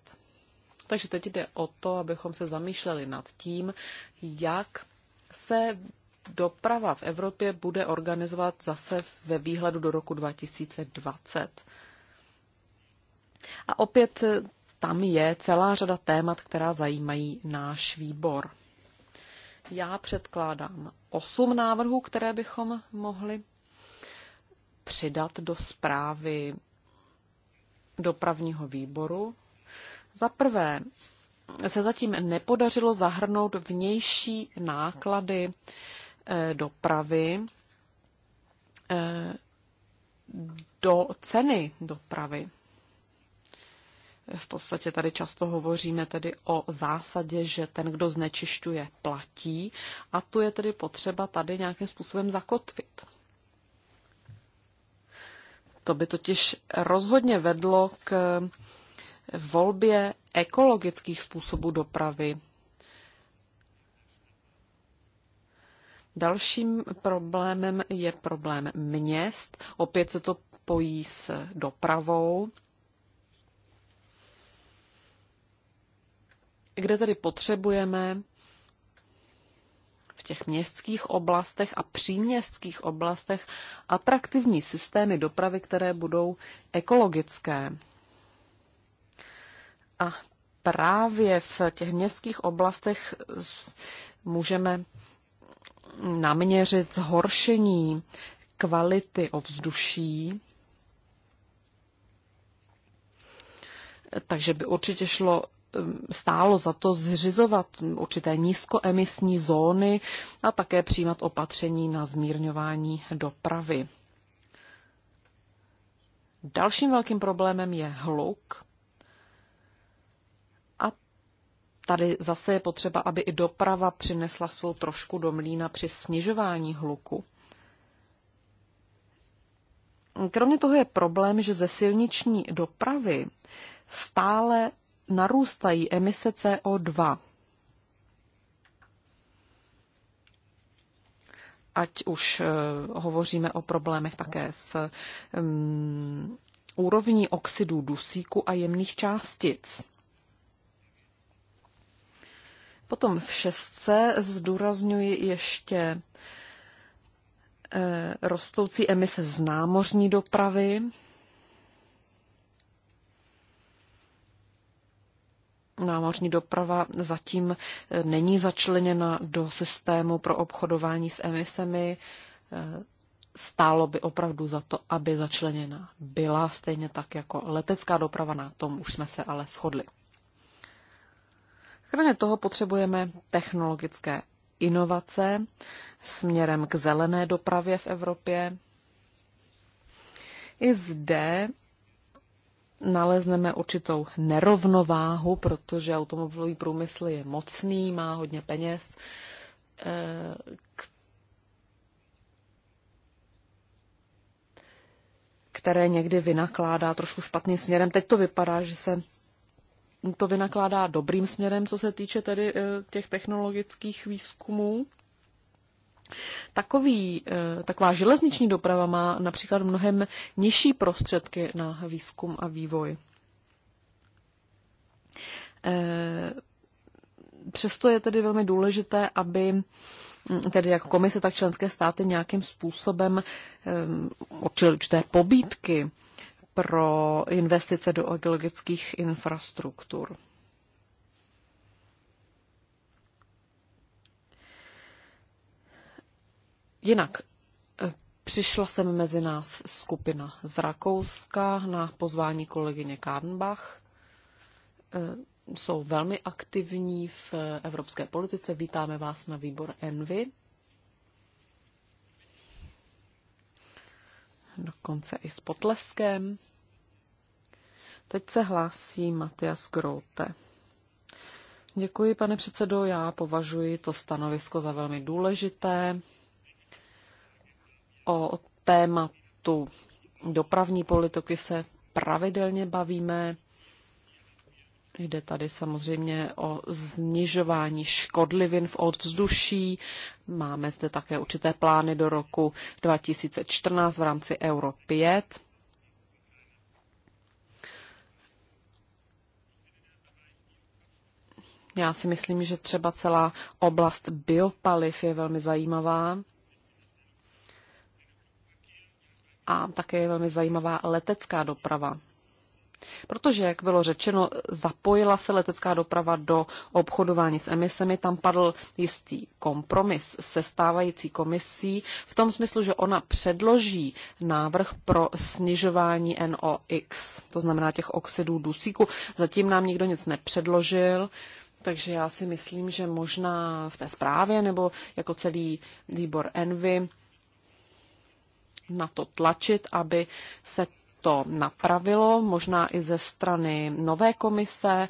takže teď jde o to, abychom se zamýšleli nad tím, jak se doprava v Evropě bude organizovat zase ve výhledu do roku 2020. A opět tam je celá řada témat, která zajímají náš výbor. Já předkládám osm návrhů, které bychom mohli přidat do zprávy dopravního výboru. Za prvé, se zatím nepodařilo zahrnout vnější náklady eh, dopravy eh, do ceny dopravy. V podstatě tady často hovoříme tedy o zásadě, že ten, kdo znečišťuje, platí a tu je tedy potřeba tady nějakým způsobem zakotvit. To by totiž rozhodně vedlo k volbě ekologických způsobů dopravy. Dalším problémem je problém měst. Opět se to pojí s dopravou. kde tedy potřebujeme v těch městských oblastech a příměstských oblastech atraktivní systémy dopravy, které budou ekologické. A právě v těch městských oblastech můžeme naměřit zhoršení kvality ovzduší. Takže by určitě šlo stálo za to zřizovat určité nízkoemisní zóny a také přijímat opatření na zmírňování dopravy. Dalším velkým problémem je hluk. A tady zase je potřeba, aby i doprava přinesla svou trošku do mlína při snižování hluku. Kromě toho je problém, že ze silniční dopravy stále narůstají emise CO2. Ať už eh, hovoříme o problémech také s um, úrovní oxidů dusíku a jemných částic. Potom v šestce zdůrazňuji ještě eh, rostoucí emise z námořní dopravy, námořní doprava zatím eh, není začleněna do systému pro obchodování s emisemi. Eh, stálo by opravdu za to, aby začleněna byla, stejně tak jako letecká doprava, na tom už jsme se ale shodli. Kromě toho potřebujeme technologické inovace směrem k zelené dopravě v Evropě. I zde nalezneme určitou nerovnováhu, protože automobilový průmysl je mocný, má hodně peněz, eh, které někdy vynakládá trošku špatným směrem. Teď to vypadá, že se to vynakládá dobrým směrem, co se týče tedy eh, těch technologických výzkumů. Takový, eh, taková železniční doprava má například mnohem nižší prostředky na výzkum a vývoj. Eh, přesto je tedy velmi důležité, aby hm, tedy jak komise, tak členské státy nějakým způsobem určili hm, určité pobídky pro investice do ekologických infrastruktur. Jinak, eh, přišla jsem mezi nás skupina z Rakouska na pozvání kolegyně Karnbach. Eh, jsou velmi aktivní v eh, evropské politice. Vítáme vás na výbor Envy. Dokonce i s potleskem. Teď se hlásí Matias Grote. Děkuji, pane předsedo. Já považuji to stanovisko za velmi důležité o tématu dopravní politiky se pravidelně bavíme. Jde tady samozřejmě o znižování škodlivin v odvzduší. Máme zde také určité plány do roku 2014 v rámci Euro 5. Já si myslím, že třeba celá oblast biopaliv je velmi zajímavá. a také je velmi zajímavá letecká doprava. Protože, jak bylo řečeno, zapojila se letecká doprava do obchodování s emisemi. Tam padl jistý kompromis se stávající komisí v tom smyslu, že ona předloží návrh pro snižování NOx, to znamená těch oxidů dusíku. Zatím nám nikdo nic nepředložil. Takže já si myslím, že možná v té zprávě nebo jako celý výbor Envy na to tlačit, aby se to napravilo, možná i ze strany nové komise,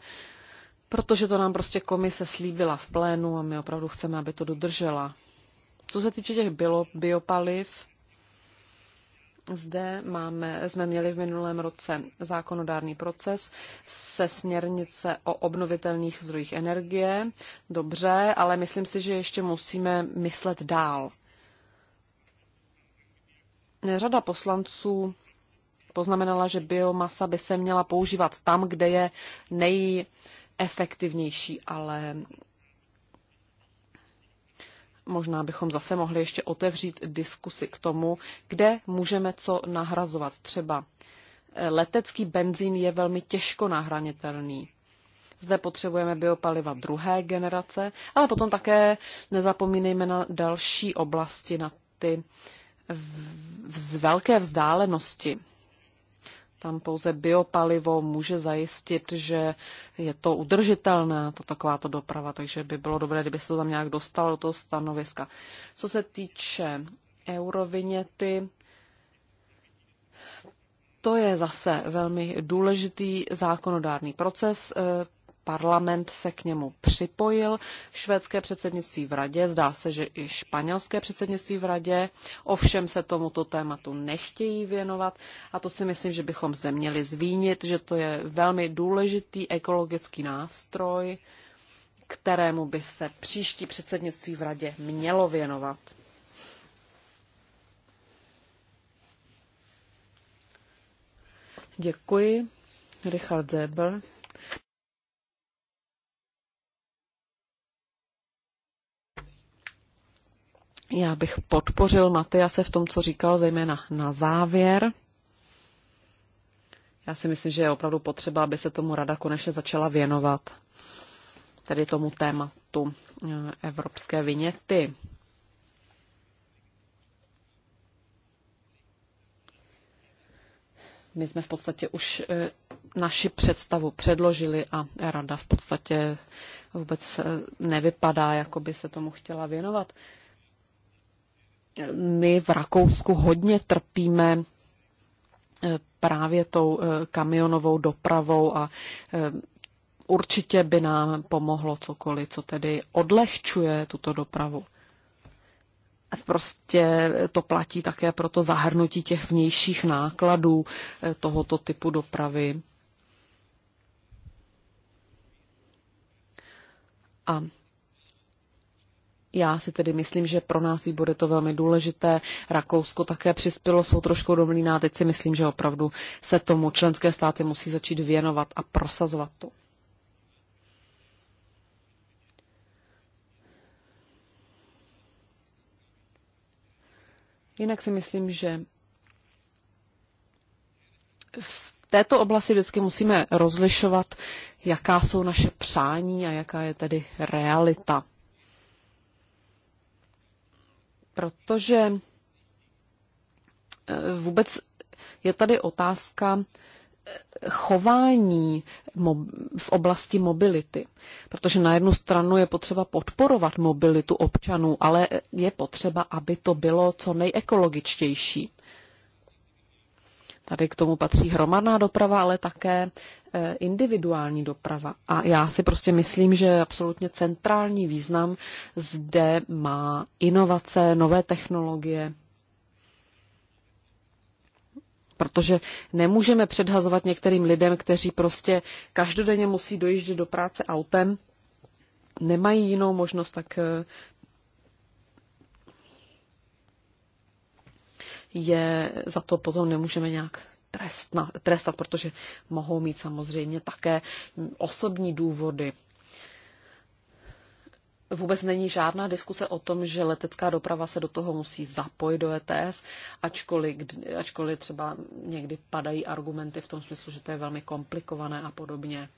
protože to nám prostě komise slíbila v plénu a my opravdu chceme, aby to dodržela. Co se týče těch biopaliv, zde máme, jsme měli v minulém roce zákonodárný proces se směrnice o obnovitelných zdrojích energie. Dobře, ale myslím si, že ještě musíme myslet dál. Řada poslanců poznamenala, že biomasa by se měla používat tam, kde je nejefektivnější, ale možná bychom zase mohli ještě otevřít diskusy k tomu, kde můžeme co nahrazovat. Třeba eh, letecký benzín je velmi těžko nahranitelný. Zde potřebujeme biopaliva druhé generace, ale potom také nezapomínejme na další oblasti, na ty v z velké vzdálenosti. Tam pouze biopalivo může zajistit, že je to udržitelná, to takováto doprava, takže by bylo dobré, kdyby se to tam nějak dostalo do toho stanoviska. Co se týče eurovinety, to je zase velmi důležitý zákonodárný proces, eh, parlament se k němu připojil. Švédské předsednictví v radě, zdá se, že i španělské předsednictví v radě, ovšem se tomuto tématu nechtějí věnovat a to si myslím, že bychom zde měli zvínit, že to je velmi důležitý ekologický nástroj, kterému by se příští předsednictví v radě mělo věnovat. Děkuji. Richard Zebel. Já bych podpořil Matyase v tom, co říkal, zejména na závěr. Já si myslím, že je opravdu potřeba, aby se tomu rada konečně začala věnovat, tedy tomu tématu eh, evropské viněty. My jsme v podstatě už eh, naši představu předložili a rada v podstatě vůbec eh, nevypadá, jako by se tomu chtěla věnovat my v Rakousku hodně trpíme eh, právě tou eh, kamionovou dopravou a eh, určitě by nám pomohlo cokoliv, co tedy odlehčuje tuto dopravu. Prostě to platí také pro to zahrnutí těch vnějších nákladů tohoto typu dopravy. A já si tedy myslím, že pro nás bude to velmi důležité. Rakousko také přispělo svou trošku do mlína. Teď si myslím, že opravdu se tomu členské státy musí začít věnovat a prosazovat to. Jinak si myslím, že v této oblasti vždycky musíme rozlišovat, jaká jsou naše přání a jaká je tedy realita protože eh, vůbec je tady otázka eh, chování v oblasti mobility. Protože na jednu stranu je potřeba podporovat mobilitu občanů, ale je potřeba, aby to bylo co nejekologičtější. Tady k tomu patří hromadná doprava, ale také e, individuální doprava. A já si prostě myslím, že absolutně centrální význam zde má inovace, nové technologie, protože nemůžeme předhazovat některým lidem, kteří prostě každodenně musí dojíždět do práce autem, nemají jinou možnost, tak e, je za to potom nemůžeme nějak trestna, trestat, protože mohou mít samozřejmě také osobní důvody. Vůbec není žádná diskuse o tom, že letecká doprava se do toho musí zapojit do ETS, ačkoliv, ačkoliv třeba někdy padají argumenty v tom smyslu, že to je velmi komplikované a podobně.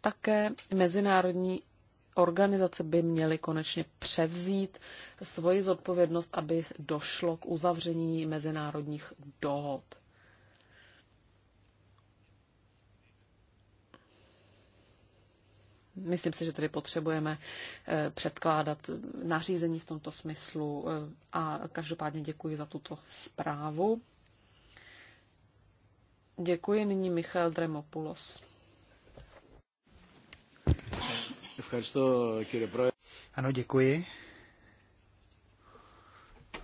Také mezinárodní organizace by měly konečně převzít svoji zodpovědnost, aby došlo k uzavření mezinárodních dohod. Myslím si, že tady potřebujeme eh, předkládat nařízení v tomto smyslu eh, a každopádně děkuji za tuto zprávu. Děkuji nyní Michal Dremopoulos. Ano, děkuji.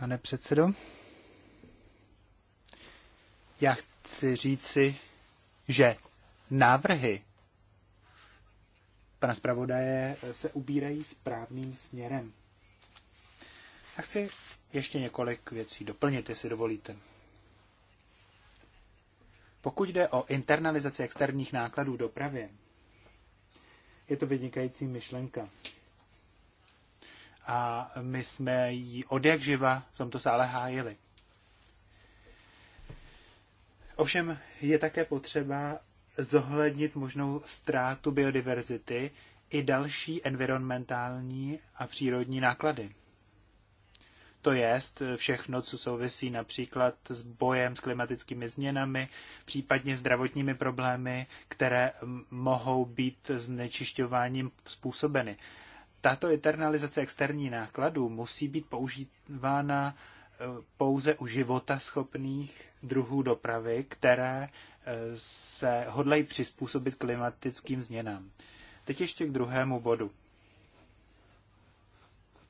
Pane předsedo, já chci říci, že návrhy pana zpravodaje se ubírají správným směrem. Já chci ještě několik věcí doplnit, jestli dovolíte. Pokud jde o internalizaci externích nákladů dopravy, je to vynikající myšlenka. A my jsme ji od jak živa v tomto sále hájili. Ovšem je také potřeba zohlednit možnou ztrátu biodiverzity i další environmentální a přírodní náklady. To jest všechno, co souvisí například s bojem s klimatickými změnami, případně zdravotními problémy, které mohou být znečišťováním způsobeny. Tato internalizace externí nákladů musí být používána e, pouze u životaschopných druhů dopravy, které e, se hodlají přizpůsobit klimatickým změnám. Teď ještě k druhému bodu.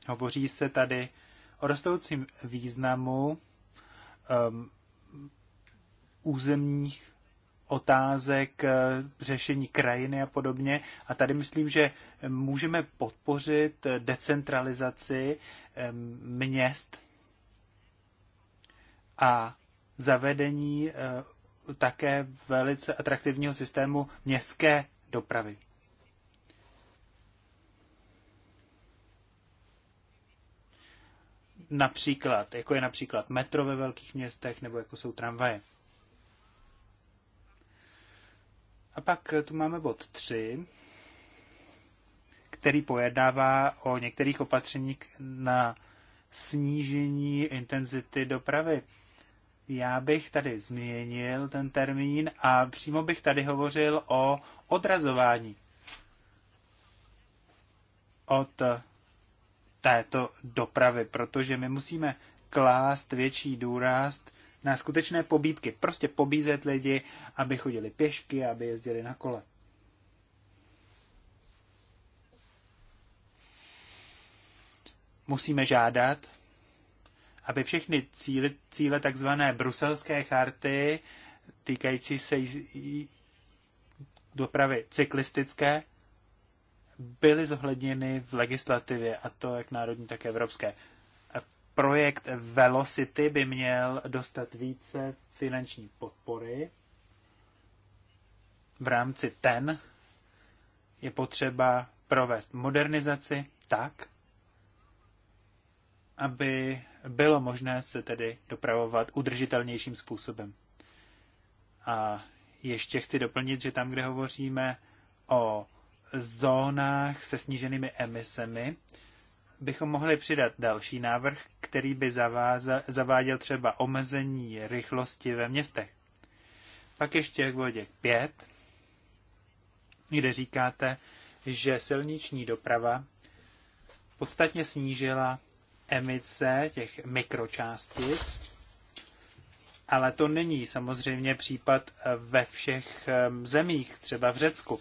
Hovoří se tady o rostoucím významu um, územních otázek, eh, řešení krajiny a podobně. A tady myslím, že můžeme podpořit eh, decentralizaci měst a zavedení eh, také velice atraktivního systému městské dopravy. například, jako je například metro ve velkých městech, nebo jako jsou tramvaje. A pak tu máme bod 3, který pojednává o některých opatřeních na snížení intenzity dopravy. Já bych tady změnil ten termín a přímo bych tady hovořil o odrazování od této dopravy, protože my musíme klást větší důraz na skutečné pobídky. Prostě pobízet lidi, aby chodili pěšky, aby jezdili na kole. Musíme žádat, aby všechny cíle, cíle takzvané bruselské charty týkající se dopravy cyklistické, byly zohledněny v legislativě, a to jak národní, tak evropské. Projekt Velocity by měl dostat více finanční podpory. V rámci ten je potřeba provést modernizaci tak, aby bylo možné se tedy dopravovat udržitelnějším způsobem. A ještě chci doplnit, že tam, kde hovoříme o zónách se sníženými emisemi, bychom mohli přidat další návrh, který by zaváza, zaváděl třeba omezení rychlosti ve městech. Pak ještě k bodě 5, kde říkáte, že silniční doprava podstatně snížila emice těch mikročástic, ale to není samozřejmě případ ve všech zemích, třeba v Řecku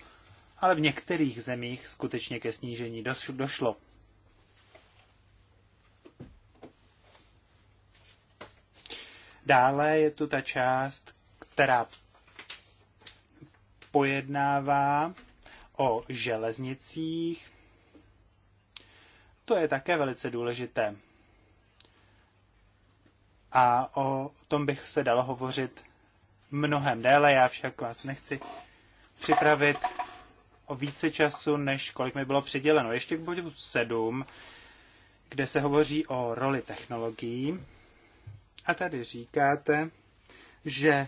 ale v některých zemích skutečně ke snížení došlo. Dále je tu ta část, která pojednává o železnicích. To je také velice důležité. A o tom bych se dalo hovořit mnohem déle, já však vás nechci připravit o více času, než kolik mi bylo přiděleno. Ještě k bodu 7, kde se hovoří o roli technologií. A tady říkáte, že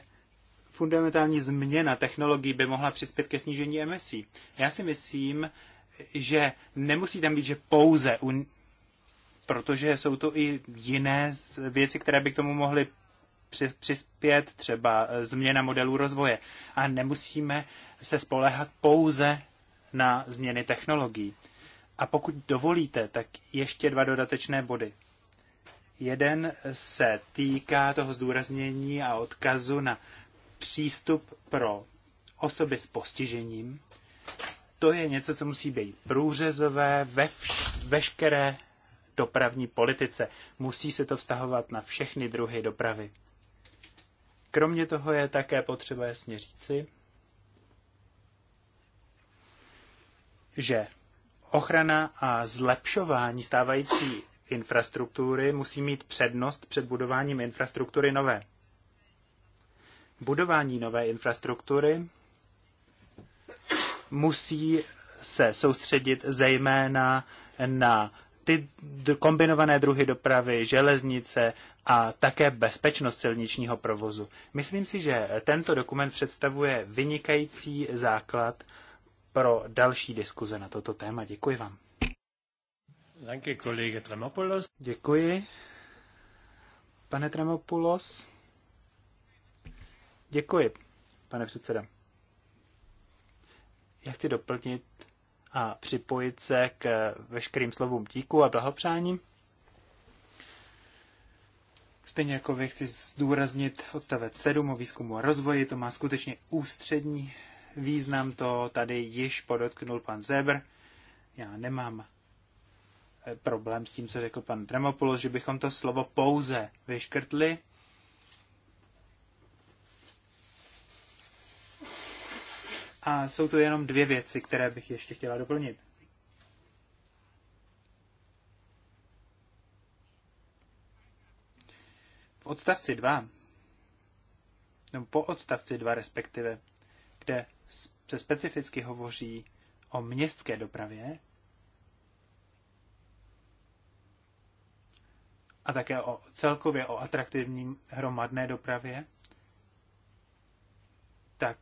fundamentální změna technologií by mohla přispět ke snížení emisí. Já si myslím, že nemusí tam být, že pouze, un... protože jsou to i jiné věci, které by k tomu mohly přispět, třeba e, změna modelů rozvoje. A nemusíme se spolehat pouze na změny technologií. A pokud dovolíte, tak ještě dva dodatečné body. Jeden se týká toho zdůraznění a odkazu na přístup pro osoby s postižením. To je něco, co musí být průřezové ve vš- veškeré dopravní politice. Musí se to vztahovat na všechny druhy dopravy. Kromě toho je také potřeba jasně říci, že ochrana a zlepšování stávající infrastruktury musí mít přednost před budováním infrastruktury nové. Budování nové infrastruktury musí se soustředit zejména na ty kombinované druhy dopravy, železnice a také bezpečnost silničního provozu. Myslím si, že tento dokument představuje vynikající základ pro další diskuze na toto téma. Děkuji vám. Danke, kolege Tremopoulos. Děkuji. Pane Tremopoulos. Děkuji, pane předseda. Já chci doplnit a připojit se k veškerým slovům díku a blahopřáním. Stejně jako vy chci zdůraznit odstavec 7 o výzkumu a rozvoji, to má skutečně ústřední význam, to tady již podotknul pan Zebr. Já nemám eh, problém s tím, co řekl pan Tremopoulos, že bychom to slovo pouze vyškrtli. A jsou tu jenom dvě věci, které bych ještě chtěla doplnit. V odstavci 2, nebo po odstavci 2 respektive, kde se specificky hovoří o městské dopravě a také o celkově o atraktivním hromadné dopravě, tak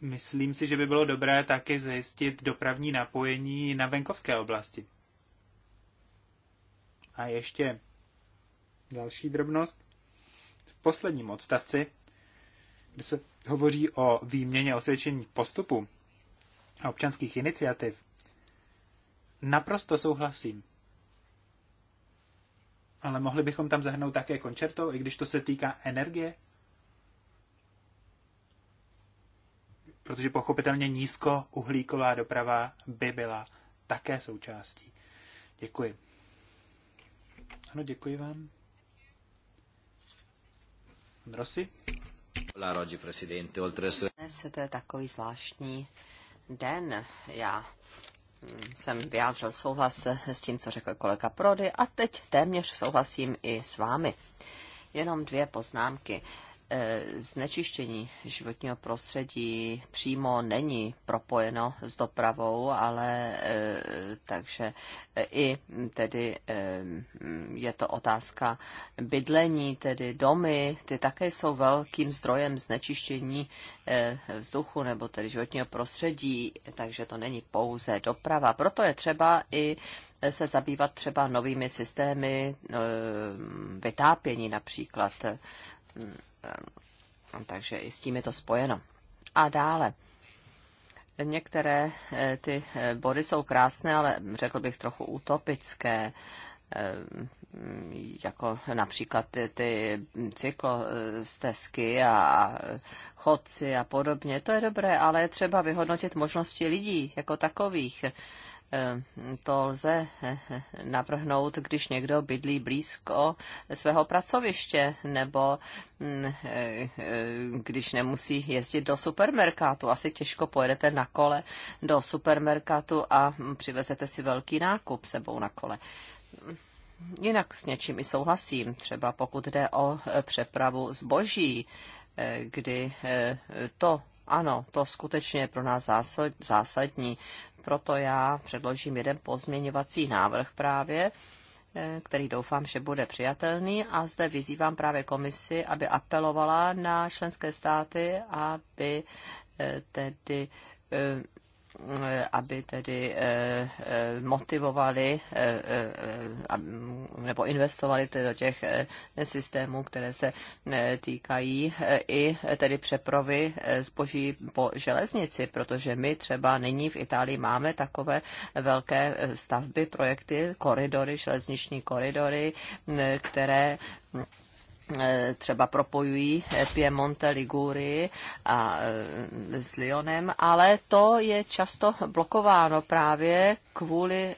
myslím si, že by bylo dobré taky zjistit dopravní napojení na venkovské oblasti. A ještě další drobnost. V posledním odstavci, kde se hovoří o výměně osvědčení postupu a občanských iniciativ, naprosto souhlasím. Ale mohli bychom tam zahrnout také koncerto, i když to se týká energie? Protože pochopitelně nízkouhlíková doprava by byla také součástí. Děkuji. Ano, děkuji vám. Rosy? Dnes to je takový zvláštní den. Já mm, jsem vyjádřil souhlas s tím, co řekl kolega Prody a teď téměř souhlasím i s vámi. Jenom dvě poznámky. Eh, znečištění životního prostředí přímo není propojeno s dopravou, ale eh, takže eh, i tedy je to otázka bydlení, tedy domy, ty také jsou velkým zdrojem znečištění vzduchu nebo tedy životního prostředí, takže to není pouze doprava. Proto je třeba i se zabývat třeba novými systémy vytápění například Ehm, takže i s tím je to spojeno. A dále. Některé eh, ty eh, body jsou krásné, ale řekl bych trochu utopické ehm, jako například ty, ty cyklostezky a chodci a podobně. To je dobré, ale je třeba vyhodnotit možnosti lidí jako takových. Ehm, to lze navrhnout, když někdo bydlí blízko svého pracoviště nebo hm, e, e, když nemusí jezdit do supermerkátu. Asi těžko pojedete na kole do supermerkátu a hm, přivezete si velký nákup sebou na kole. Jinak s něčím i souhlasím, třeba pokud jde o e, přepravu zboží, kdy to ano, to skutečně je pro nás zásadní proto já předložím jeden pozměňovací návrh právě, eh, který doufám, že bude přijatelný. A zde vyzývám právě komisi, aby apelovala na členské státy, aby eh, tedy eh, Eh, aby tedy eh, eh, motivovali nebo investovali tedy do těch systémů, které se týkají i tedy přepravy zboží po železnici, protože my třeba nyní v Itálii máme takové velké stavby, projekty, koridory, železniční koridory, které Eh, třeba propojují eh, Piemonte, Liguri a eh, s Lyonem, ale to je často blokováno právě kvůli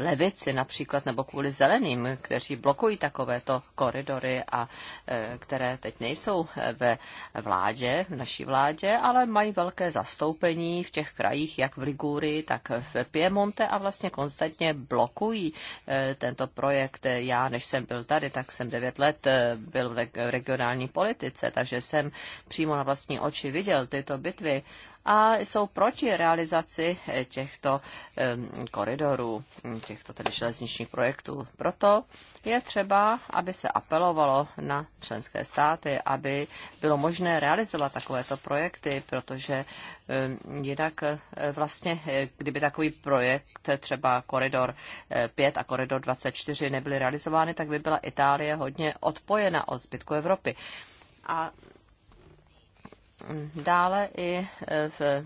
levici například, nebo kvůli zeleným, kteří blokují takovéto koridory a které teď nejsou ve vládě, v naší vládě, ale mají velké zastoupení v těch krajích, jak v Ligurii, tak v Piemonte a vlastně konstantně blokují tento projekt. Já, než jsem byl tady, tak jsem devět 20 let eh, byl v regionální politice, takže jsem přímo na vlastní oči viděl tyto bitvy a jsou proti realizaci eh, těchto koridorů, hm, těchto tedy železničních projektů. Proto je třeba, aby se apelovalo na členské státy, aby bylo možné realizovat takovéto projekty, protože jinak eh, vlastně, eh, kdyby takový projekt, třeba koridor 5 a koridor 24 nebyly realizovány, tak by byla Itálie hodně odpojena od zbytku Evropy. A Dále i e, v e,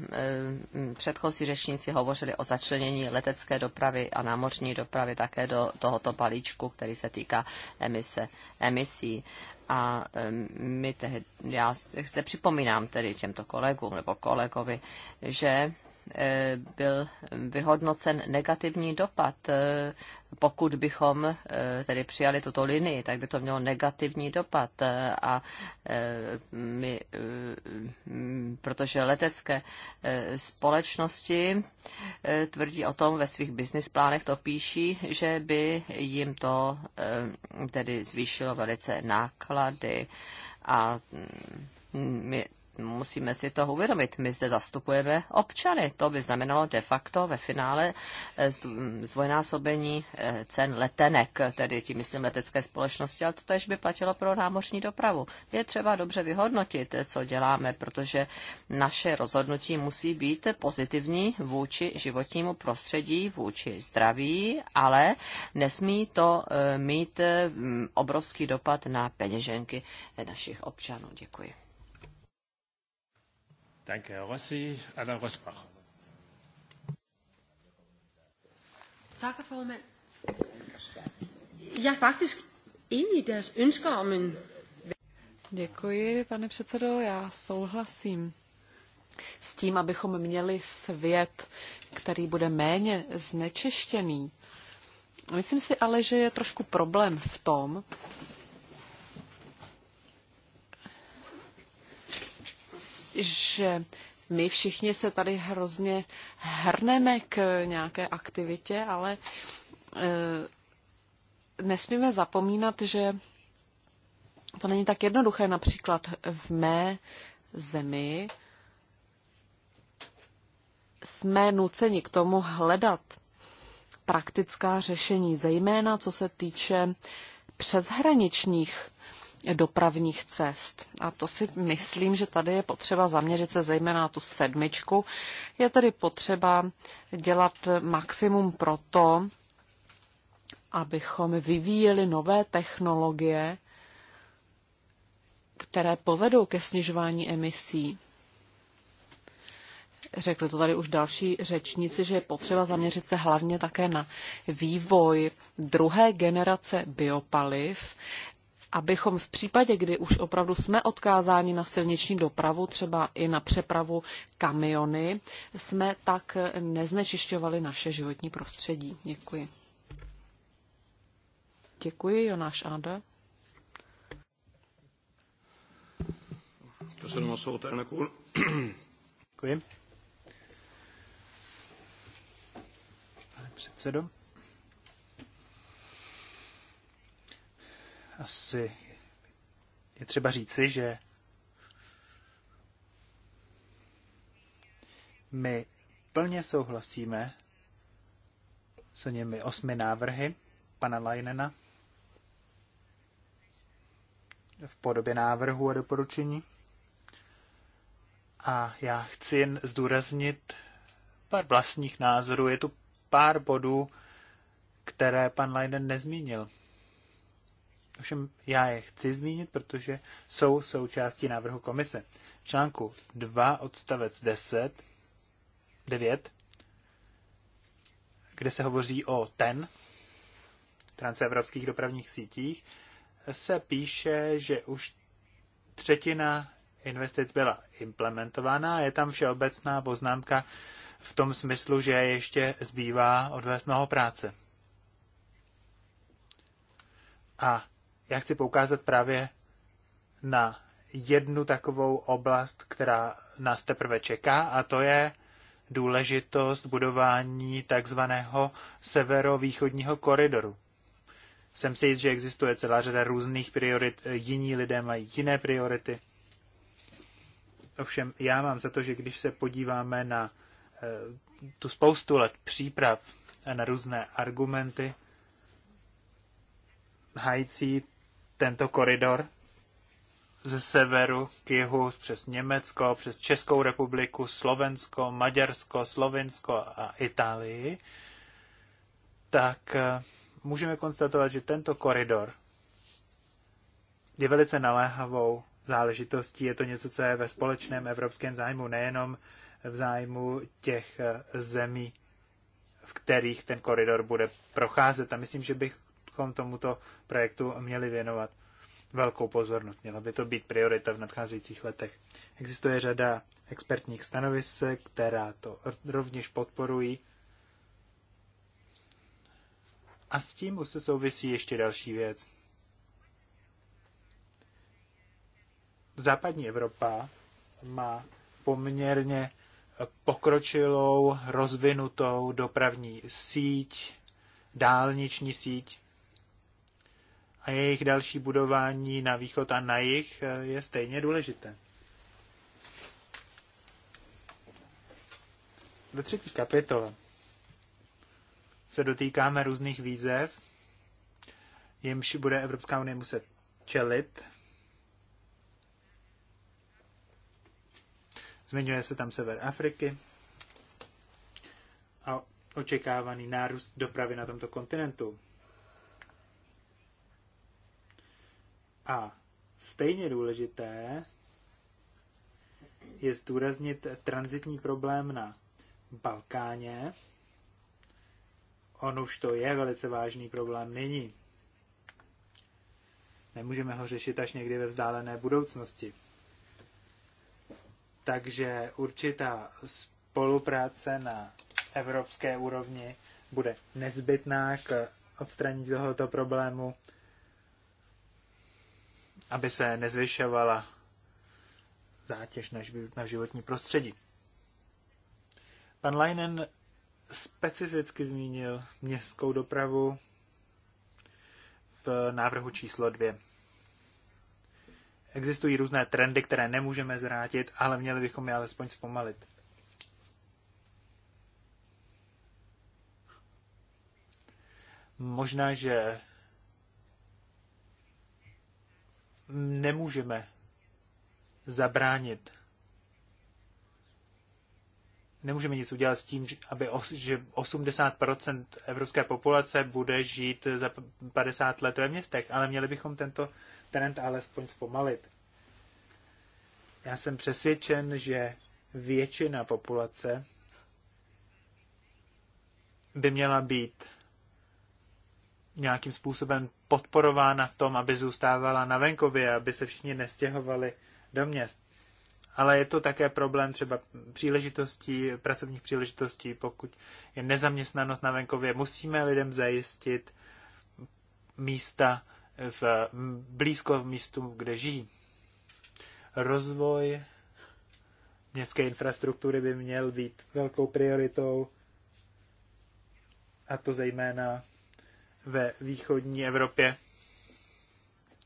předchozí řečníci hovořili o začlenění letecké dopravy a námořní dopravy také do tohoto balíčku, který se týká emise, emisí. A e, my tehdy, já zde připomínám tedy těmto kolegům nebo kolegovi, že Eh, byl vyhodnocen negativní dopad. Eh, pokud bychom eh, tedy přijali tuto linii, tak by to mělo negativní dopad. A my, protože letecké společnosti tvrdí o tom ve svých business plánech, to píší, že by jim to tedy zvýšilo velice náklady. A mm, my musíme si to uvědomit. My zde zastupujeme občany. To by znamenalo de facto ve finále eh, mm, zdvojnásobení eh, cen letenek, tedy tím myslím letecké společnosti, ale to tež by platilo pro námořní dopravu. Je třeba dobře vyhodnotit, co děláme, protože naše rozhodnutí musí být pozitivní vůči životnímu prostředí, vůči zdraví, ale nesmí to eh, mít obrovský dopad na peněženky našich občanů. Děkuji. Danke, Herr Rossi. Anna Rosbach. Tak, formand. Jeg er faktisk enig i deres ønsker om en... Děkuji, pane předsedo, já souhlasím s tím, abychom měli svět, který bude méně znečištěný. Myslím si ale, že je trošku problém v tom, že my všichni se tady hrozně hrneme k nějaké aktivitě, ale e, nesmíme zapomínat, že to není tak jednoduché. Například v mé zemi jsme nuceni k tomu hledat praktická řešení, zejména co se týče přeshraničních dopravních cest. A to si myslím, že tady je potřeba zaměřit se zejména na tu sedmičku. Je tedy potřeba dělat maximum pro to, abychom vyvíjeli nové technologie, které povedou ke snižování emisí. Řekli to tady už další řečníci, že je potřeba zaměřit se hlavně také na vývoj druhé generace biopaliv, abychom v případě, kdy už opravdu jsme odkázáni na silniční dopravu, třeba i na přepravu kamiony, jsme tak neznečišťovali naše životní prostředí. Děkuji. Děkuji, Jonáš Áda. Děkuji. Pane předsedo. asi je třeba říci, že my plně souhlasíme s němi osmi návrhy pana Lajnena v podobě návrhu a doporučení. A já chci jen zdůraznit pár vlastních názorů. Je tu pár bodů, které pan Leiden nezmínil. Ovšem já je chci zmínit, protože jsou součástí návrhu komise. V článku 2 odstavec 10, 9, kde se hovoří o TEN, transevropských dopravních sítích, se píše, že už třetina investic byla implementována a je tam všeobecná poznámka v tom smyslu, že ještě zbývá odvést mnoho práce. A já chci poukázat právě na jednu takovou oblast, která nás teprve čeká, a to je důležitost budování takzvaného severovýchodního koridoru. Jsem si jist, že existuje celá řada různých priorit, jiní lidé mají jiné priority. Ovšem, já mám za to, že když se podíváme na eh, tu spoustu let příprav a na různé argumenty, hájící tento koridor ze severu k jihu přes Německo, přes Českou republiku, Slovensko, Maďarsko, Slovinsko a Itálii, tak eh, můžeme konstatovat, že tento koridor je velice naléhavou záležitostí. Je to něco, co je ve společném evropském zájmu, nejenom v zájmu těch eh, zemí, v kterých ten koridor bude procházet. A myslím, že bych bychom tomuto projektu měli věnovat velkou pozornost. Měla by to být priorita v nadcházejících letech. Existuje řada expertních stanovisek, která to rovněž podporují. A s tím už se souvisí ještě další věc. Západní Evropa má poměrně pokročilou, rozvinutou dopravní síť, dálniční síť, a jejich další budování na východ a na jih eh, je stejně důležité. Ve třetí kapitole se dotýkáme různých výzev, jimž bude Evropská unie muset čelit. Zmiňuje se tam sever Afriky a očekávaný nárůst dopravy na tomto kontinentu. A stejně důležité je zdůraznit transitní problém na Balkáně. On už to je velice vážný problém nyní. Nemůžeme ho řešit až někdy ve vzdálené budoucnosti. Takže určitá spolupráce na evropské úrovni bude nezbytná k odstranění tohoto problému aby se nezvyšovala zátěž na životní prostředí. Pan Leinen specificky zmínil městskou dopravu v návrhu číslo dvě. Existují různé trendy, které nemůžeme zrátit, ale měli bychom je alespoň zpomalit. Možná, že nemůžeme zabránit. Nemůžeme nic udělat s tím, aby že 80% evropské populace bude žít za 50 let ve městech, ale měli bychom tento trend alespoň zpomalit. Já jsem přesvědčen, že většina populace by měla být nějakým způsobem podporována v tom, aby zůstávala na venkově, aby se všichni nestěhovali do měst. Ale je to také problém třeba příležitostí, pracovních příležitostí, pokud je nezaměstnanost na venkově. Musíme lidem zajistit místa v, blízko místu, kde žijí. Rozvoj městské infrastruktury by měl být velkou prioritou, a to zejména ve východní Evropě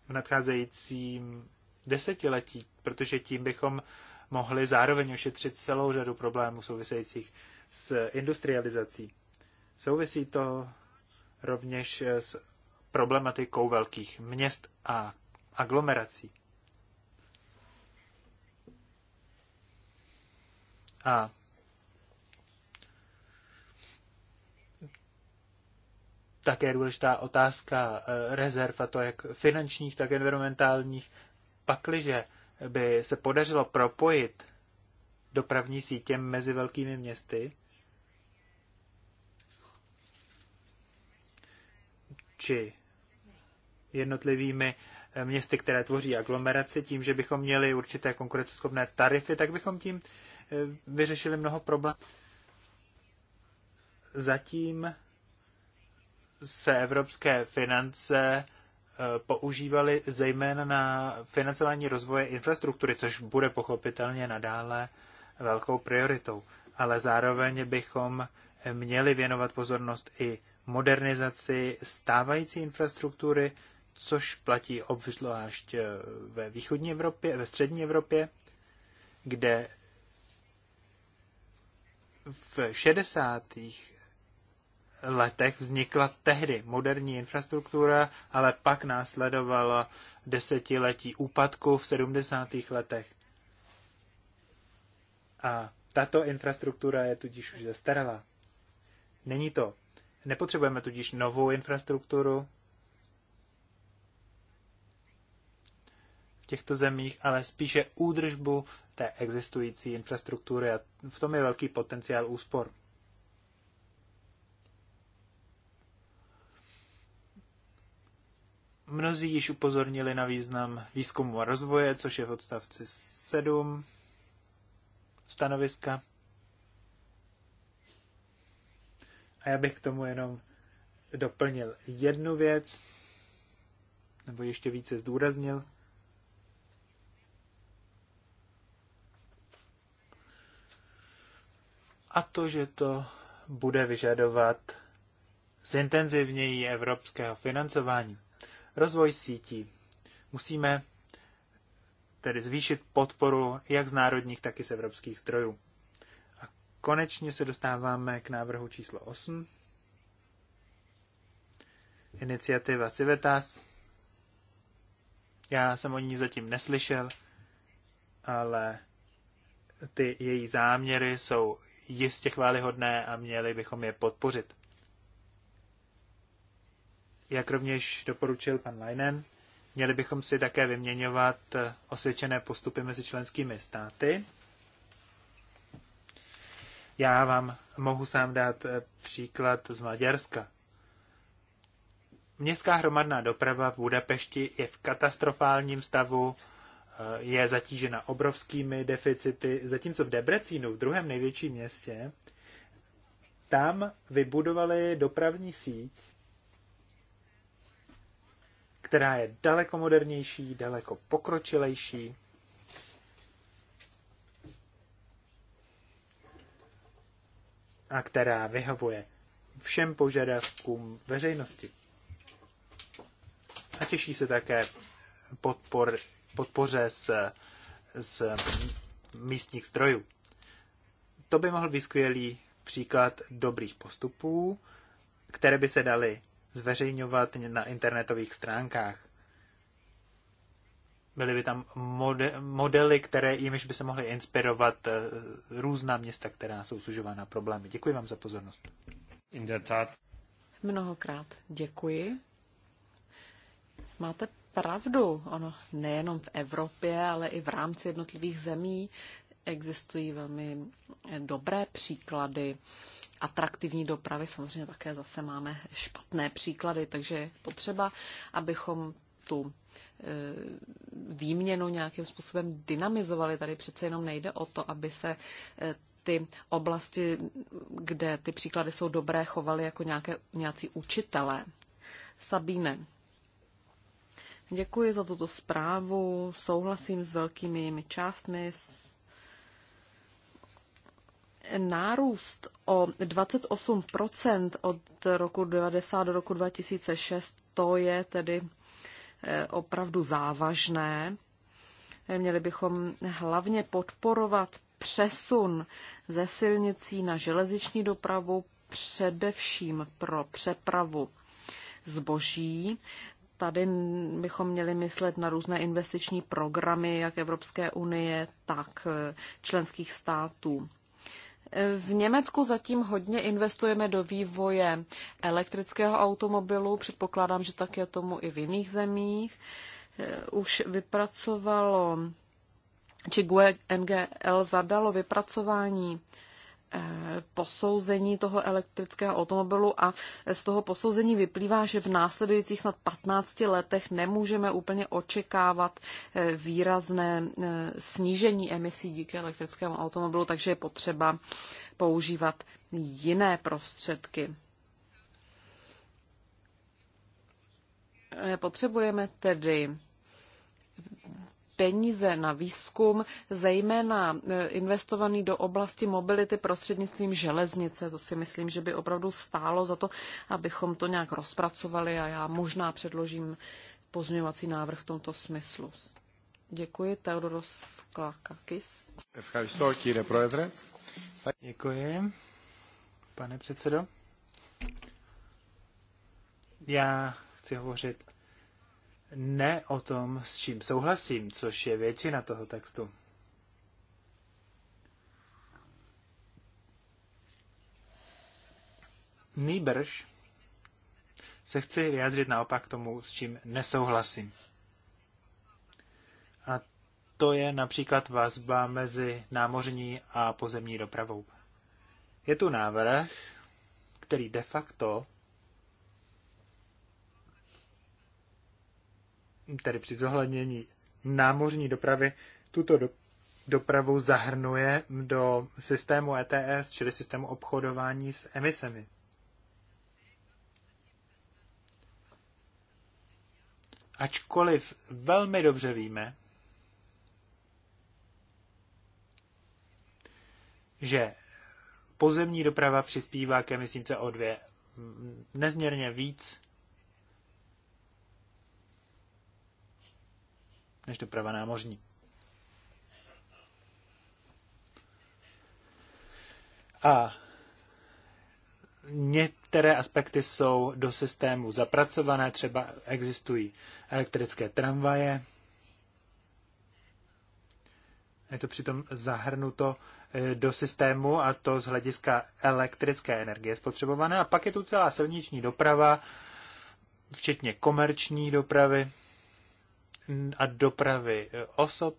v nadcházejícím desetiletí, protože tím bychom mohli zároveň ošetřit celou řadu problémů souvisejících s industrializací. Souvisí to rovněž s problematikou velkých měst a aglomerací. A také důležitá otázka eh, rezerv, a to jak finančních, tak environmentálních. Pakliže by se podařilo propojit dopravní sítě mezi velkými městy, či jednotlivými eh, městy, které tvoří aglomeraci, tím, že bychom měli určité konkurenceschopné tarify, tak bychom tím eh, vyřešili mnoho problémů. Zatím se evropské finance eh, používaly zejména na financování rozvoje infrastruktury, což bude pochopitelně nadále velkou prioritou. Ale zároveň bychom měli věnovat pozornost i modernizaci stávající infrastruktury, což platí obzvlášť eh, ve východní Evropě, ve střední Evropě, kde v 60 letech vznikla tehdy moderní infrastruktura, ale pak následovala desetiletí úpadku v 70. letech. A tato infrastruktura je tudíž už zastaralá. Není to. Nepotřebujeme tudíž novou infrastrukturu. V těchto zemích, ale spíše údržbu té existující infrastruktury a v tom je velký potenciál úspor. Mnozí již upozornili na význam výzkumu a rozvoje, což je v odstavci 7 stanoviska. A já bych k tomu jenom doplnil jednu věc, nebo ještě více zdůraznil. A to, že to bude vyžadovat zintenzivněji evropského financování. Rozvoj sítí. Musíme tedy zvýšit podporu jak z národních, tak i z evropských zdrojů. A konečně se dostáváme k návrhu číslo 8. Iniciativa Civitas. Já jsem o ní zatím neslyšel, ale ty její záměry jsou jistě chválihodné a měli bychom je podpořit jak rovněž doporučil pan Leinen, měli bychom si také vyměňovat eh, osvědčené postupy mezi členskými státy. Já vám mohu sám dát eh, příklad z Maďarska. Městská hromadná doprava v Budapešti je v katastrofálním stavu, eh, je zatížena obrovskými deficity, zatímco v Debrecínu, v druhém největším městě, tam vybudovali dopravní síť, která je daleko modernější, daleko pokročilejší. a která vyhovuje všem požadavkům veřejnosti. A těší se také podpor, podpoře z, z místních zdrojů. To by mohl být skvělý příklad dobrých postupů, které by se daly zveřejňovat na internetových stránkách. Byly by tam mode, modely, které jimž by se mohly inspirovat eh, různá města, která jsou sužována problémy. Děkuji vám za pozornost. Mnohokrát děkuji. Máte pravdu, ono nejenom v Evropě, ale i v rámci jednotlivých zemí existují velmi dobré příklady atraktivní dopravy. Samozřejmě také zase máme špatné příklady, takže je potřeba, abychom tu eh, výměnu nějakým způsobem dynamizovali. Tady přece jenom nejde o to, aby se eh, ty oblasti, kde ty příklady jsou dobré, chovaly jako nějaké, nějací učitelé. Sabíne. Děkuji za tuto zprávu, souhlasím s velkými částmi, nárůst o 28% od roku 90 do roku 2006, to je tedy eh, opravdu závažné. Měli bychom hlavně podporovat přesun ze silnicí na železniční dopravu, především pro přepravu zboží. Tady bychom měli myslet na různé investiční programy, jak Evropské unie, tak eh, členských států. V Německu zatím hodně investujeme do vývoje elektrického automobilu. Předpokládám, že tak je tomu i v jiných zemích. Eh, už vypracovalo, či GUE NGL zadalo vypracování posouzení toho elektrického automobilu a z toho posouzení vyplývá, že v následujících snad 15 letech nemůžeme úplně očekávat eh, výrazné eh, snížení emisí díky elektrickému automobilu, takže je potřeba používat jiné prostředky. Eh, potřebujeme tedy peníze na výzkum, zejména e, investovaný do oblasti mobility prostřednictvím železnice. To si myslím, že by opravdu stálo za to, abychom to nějak rozpracovali a já možná předložím pozměňovací návrh v tomto smyslu. Děkuji, Teodoros Klakakis. Děkuji, pane předsedo. Já chci hovořit ne o tom, s čím souhlasím, což je většina toho textu. Nýbrž se chci vyjádřit naopak tomu, s čím nesouhlasím. A to je například vazba mezi námořní a pozemní dopravou. Je tu návrh, který de facto tedy při zohlednění námořní dopravy, tuto do, dopravu zahrnuje do systému ETS, čili systému obchodování s emisemi. Ačkoliv velmi dobře víme, že pozemní doprava přispívá k emisím CO2 nezměrně víc než doprava námořní. A některé aspekty jsou do systému zapracované, třeba existují elektrické tramvaje. Je to přitom zahrnuto e, do systému a to z hlediska elektrické energie spotřebované. A pak je tu celá silniční doprava, včetně komerční dopravy a dopravy e, osob,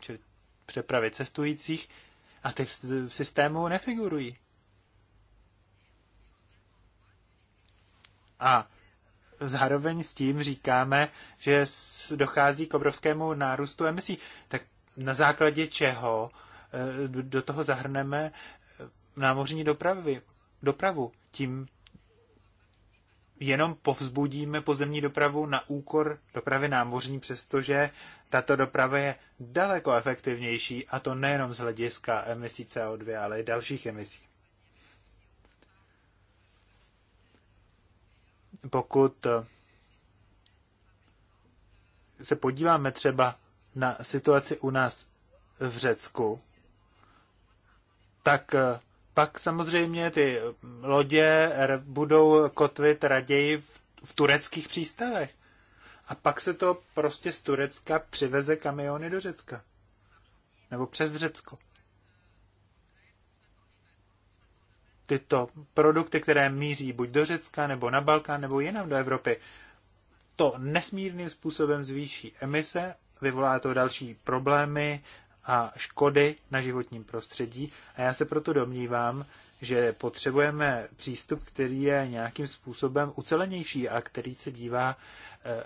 čili přepravy cestujících, a ty v systému nefigurují. A zároveň s tím říkáme, že dochází k obrovskému nárůstu emisí. Tak na základě čeho e, do toho zahrneme e, námořní dopravy, dopravu? Tím jenom povzbudíme pozemní dopravu na úkor dopravy námořní, přestože tato doprava je daleko efektivnější, a to nejenom z hlediska emisí CO2, ale i dalších emisí. Pokud se podíváme třeba na situaci u nás v Řecku, tak pak samozřejmě ty lodě budou kotvit raději v, v tureckých přístavech. A pak se to prostě z Turecka přiveze kamiony do Řecka. Nebo přes Řecko. Tyto produkty, které míří buď do Řecka, nebo na Balkán, nebo jinam do Evropy, to nesmírným způsobem zvýší emise, vyvolá to další problémy a škody na životním prostředí. A já se proto domnívám, že potřebujeme přístup, který je nějakým způsobem ucelenější a který se dívá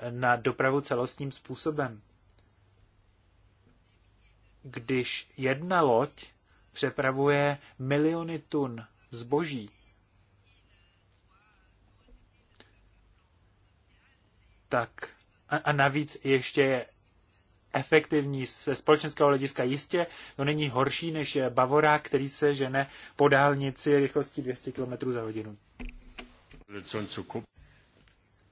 eh, na dopravu celostním způsobem. Když jedna loď přepravuje miliony tun zboží, tak a, a navíc ještě efektivní ze společenského hlediska. Jistě to není horší než Bavorák, který se žene po dálnici rychlostí 200 km za hodinu.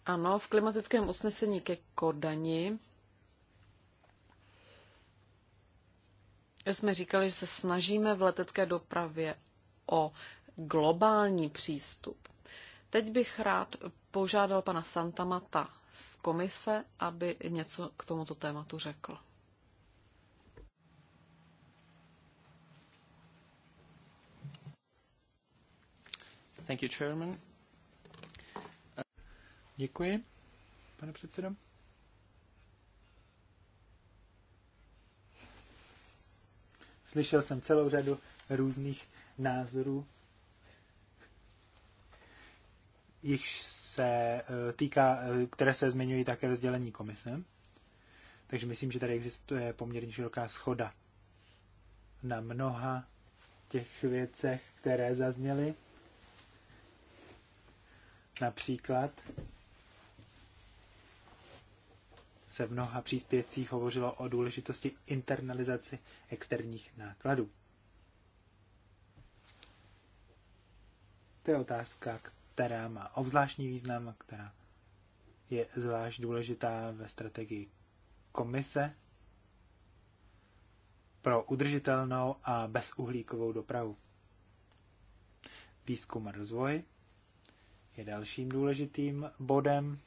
Ano, v klimatickém usnesení ke Kodani jsme říkali, že se snažíme v letecké dopravě o globální přístup. Teď bych rád požádal pana Santamata z komise, aby něco k tomuto tématu řekl. Thank you, Chairman. Děkuji, pane předsedo. Slyšel jsem celou řadu různých názorů, jichž se eh, týká, eh, které se zmiňují také ve sdělení komise. Takže myslím, že tady existuje poměrně široká schoda na mnoha těch věcech, které zazněly. Například se v mnoha příspěvcích hovořilo o důležitosti internalizaci externích nákladů. To je otázka, která má obzvláštní význam, která je zvlášť důležitá ve strategii komise pro udržitelnou a bezuhlíkovou dopravu. Výzkum a rozvoj je dalším důležitým bodem.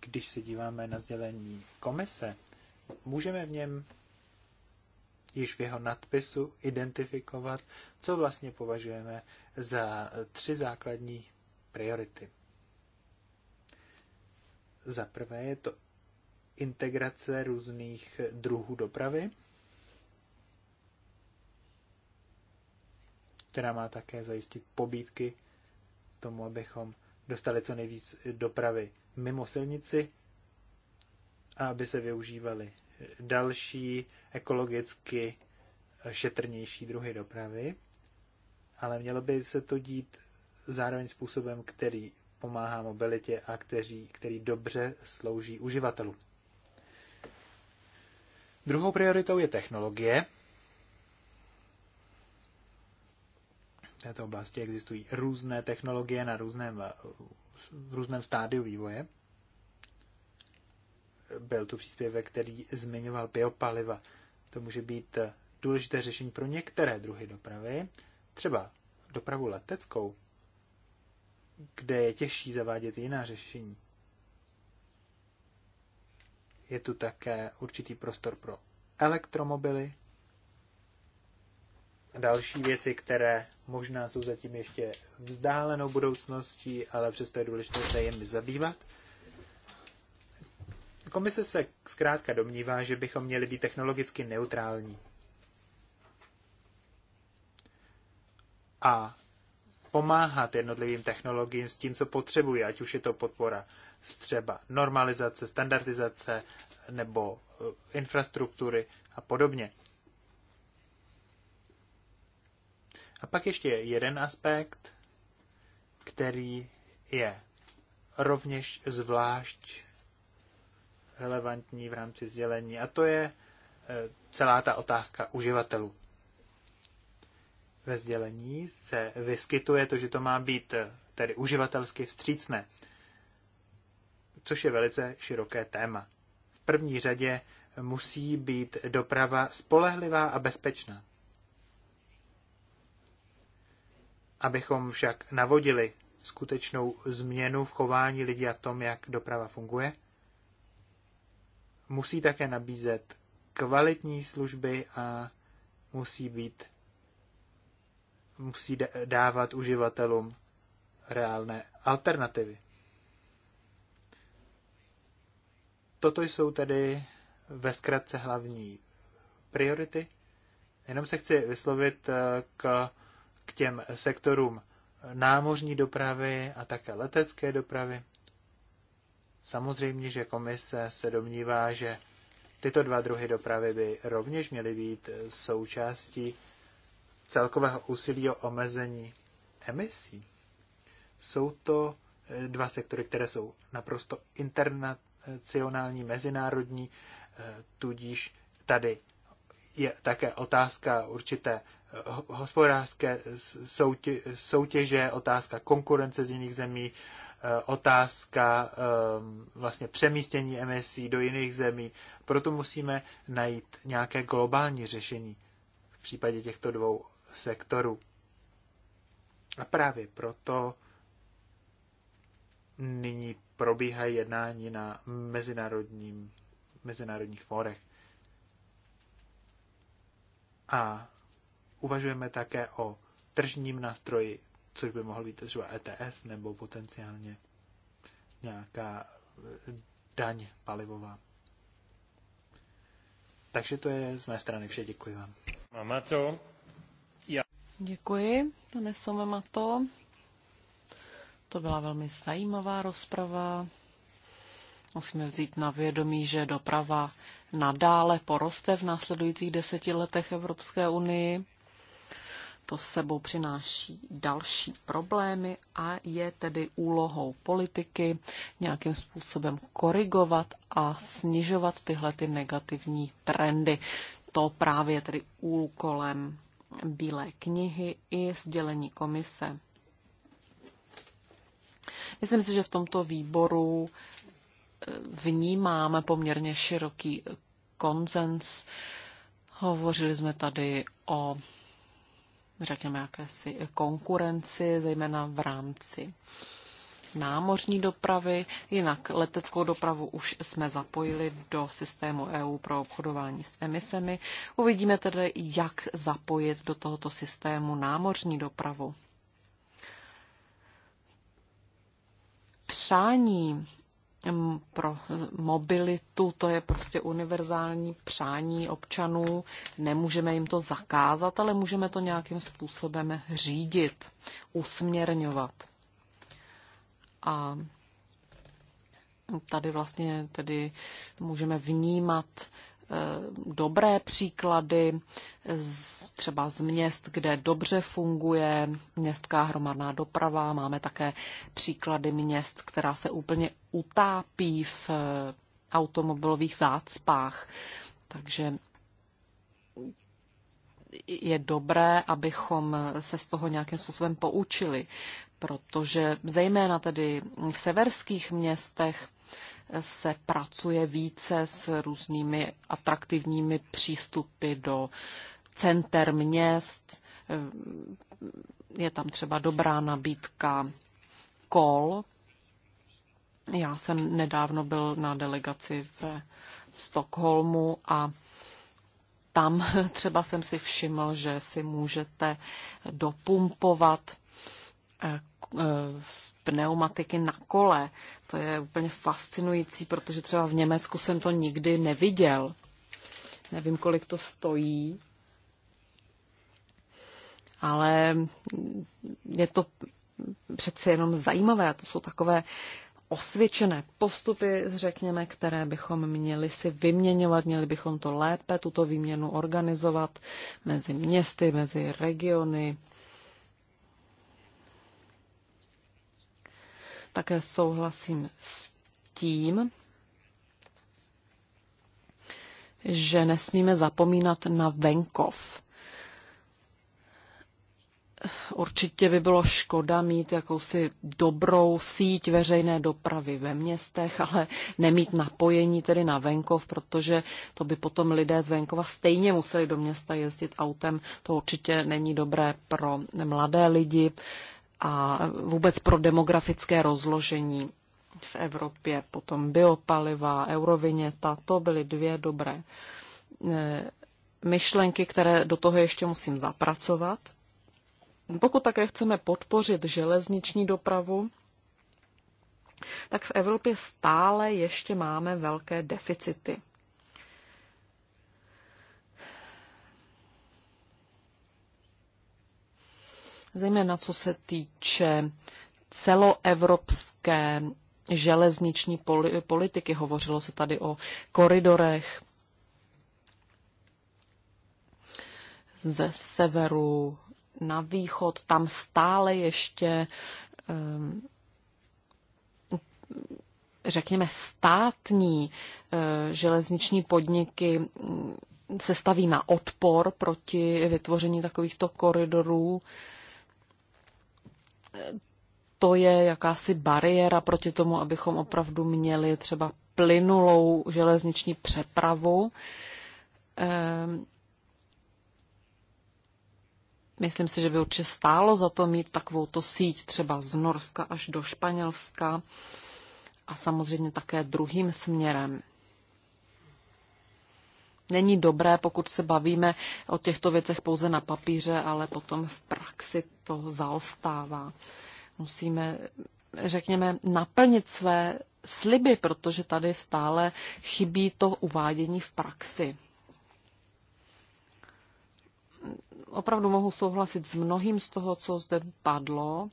Když se díváme na sdělení komise, můžeme v něm již v jeho nadpisu identifikovat, co vlastně považujeme za tři základní priority. Za prvé je to integrace různých druhů dopravy, která má také zajistit pobídky tomu, abychom dostali co nejvíc dopravy mimo silnici a aby se využívaly další ekologicky šetrnější druhy dopravy, ale mělo by se to dít zároveň způsobem, který pomáhá mobilitě a který, který dobře slouží uživatelům. Druhou prioritou je technologie. V této oblasti existují různé technologie na různém, v různém stádiu vývoje. Byl tu příspěvek, který zmiňoval biopaliva. To může být eh, důležité řešení pro některé druhy dopravy, třeba dopravu leteckou, kde je těžší zavádět jiná řešení. Je tu také určitý prostor pro elektromobily a další věci, které možná jsou zatím ještě vzdálenou budoucností, ale přesto je důležité se jimi zabývat. Komise se zkrátka domnívá, že bychom měli být technologicky neutrální. A pomáhat jednotlivým technologiím s tím, co potřebují, ať už je to podpora třeba normalizace, standardizace nebo eh, infrastruktury a podobně. A pak ještě jeden aspekt, který je rovněž zvlášť relevantní v rámci sdělení. A to je eh, celá ta otázka uživatelů. Ve sdělení se vyskytuje to, že to má být eh, tedy uživatelsky vstřícné, což je velice široké téma. V první řadě musí být doprava spolehlivá a bezpečná. Abychom však navodili skutečnou změnu v chování lidí a v tom, jak doprava funguje, musí také nabízet kvalitní služby a musí být musí dávat uživatelům reálné alternativy. Toto jsou tedy ve zkratce hlavní priority. Jenom se chci vyslovit eh, k, k těm sektorům námořní dopravy a také letecké dopravy. Samozřejmě, že komise se domnívá, že tyto dva druhy dopravy by rovněž měly být součástí celkového úsilí o omezení emisí. Jsou to eh, dva sektory, které jsou naprosto internacionální, mezinárodní, eh, tudíž tady je také otázka určité hospodářské soutěže, otázka konkurence z jiných zemí, eh, otázka eh, vlastně přemístění emisí do jiných zemí. Proto musíme najít nějaké globální řešení v případě těchto dvou sektorů. A právě proto nyní probíhají jednání na mezinárodním, mezinárodních fórech. A Uvažujeme také o tržním nástroji, což by mohl být třeba ETS nebo potenciálně nějaká e, daň palivová. Takže to je z mé strany vše. Děkuji vám. Máme to. Já. Děkuji, pane Somemato. To byla velmi zajímavá rozprava. Musíme vzít na vědomí, že doprava nadále poroste v následujících deseti letech Evropské unii to sebou přináší další problémy a je tedy úlohou politiky nějakým způsobem korigovat a snižovat tyhle ty negativní trendy. To právě je tedy úkolem Bílé knihy i sdělení komise. Myslím si, že v tomto výboru eh, vnímáme poměrně široký konsens. Hovořili jsme tady o řekněme, jakési konkurenci, zejména v rámci námořní dopravy. Jinak leteckou dopravu už jsme zapojili do systému EU pro obchodování s emisemi. Uvidíme tedy, jak zapojit do tohoto systému námořní dopravu. Přání pro eh, mobilitu, to je prostě univerzální přání občanů. Nemůžeme jim to zakázat, ale můžeme to nějakým způsobem řídit, usměrňovat. A tady vlastně tedy můžeme vnímat Eh, dobré příklady z, třeba z měst, kde dobře funguje městská hromadná doprava. Máme také příklady měst, která se úplně utápí v eh, automobilových zácpách. Takže je dobré, abychom se z toho nějakým způsobem poučili, protože zejména tedy v severských městech se pracuje více s různými atraktivními přístupy do center měst. Eh, je tam třeba dobrá nabídka kol. Já jsem nedávno byl na delegaci v Stockholmu a tam <laughs> třeba jsem si všiml, že si můžete dopumpovat eh, eh, pneumatiky na kole. To je úplně fascinující, protože třeba v Německu jsem to nikdy neviděl. Nevím, kolik to stojí, ale je to přeci jenom zajímavé. To jsou takové osvědčené postupy, řekněme, které bychom měli si vyměňovat, měli bychom to lépe, tuto výměnu organizovat mezi městy, mezi regiony, Také souhlasím s tím, že nesmíme zapomínat na venkov. Určitě by bylo škoda mít jakousi dobrou síť veřejné dopravy ve městech, ale nemít napojení tedy na venkov, protože to by potom lidé z venkova stejně museli do města jezdit autem. To určitě není dobré pro mladé lidi, a vůbec pro demografické rozložení v Evropě. Potom biopaliva, euroviněta, to byly dvě dobré eh, myšlenky, které do toho ještě musím zapracovat. Pokud také chceme podpořit železniční dopravu, tak v Evropě stále ještě máme velké deficity. zejména co se týče celoevropské železniční politiky. Hovořilo se tady o koridorech ze severu na východ. Tam stále ještě, ehm, řekněme, státní eh, železniční podniky mm, se staví na odpor proti vytvoření takovýchto koridorů to je jakási bariéra proti tomu, abychom opravdu měli třeba plynulou železniční přepravu. Ehm, myslím si, že by určitě stálo za to mít takovou to síť třeba z Norska až do Španělska a samozřejmě také druhým směrem není dobré, pokud se bavíme o těchto věcech pouze na papíře, ale potom v praxi to zaostává. Musíme, řekněme, naplnit své sliby, protože tady stále chybí to uvádění v praxi. Opravdu mohu souhlasit s mnohým z toho, co zde padlo.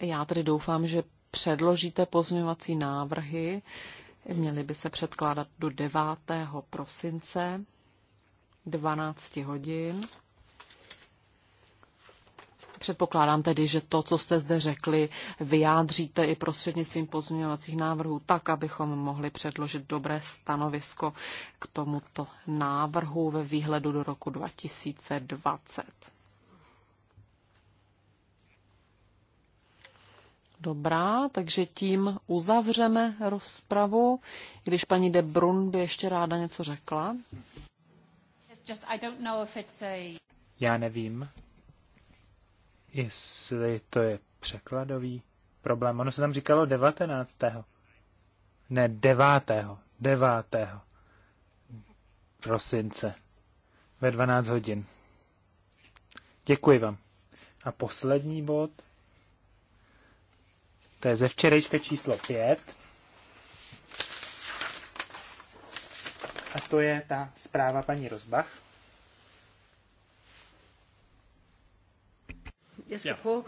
Já tedy doufám, že předložíte pozměňovací návrhy, Měly by se předkládat do 9. prosince 12 hodin. Předpokládám tedy, že to, co jste zde řekli, vyjádříte i prostřednictvím pozměňovacích návrhů, tak, abychom mohli předložit dobré stanovisko k tomuto návrhu ve výhledu do roku 2020. Dobrá, takže tím uzavřeme rozpravu, když paní De Brun by ještě ráda něco řekla. Já nevím, jestli to je překladový problém. Ono se tam říkalo 19. Ne, 9. 9. prosince ve 12 hodin. Děkuji vám. A poslední bod to je ze včerejška číslo 5. A to je ta zpráva paní Rozbach. Jeg skal prøve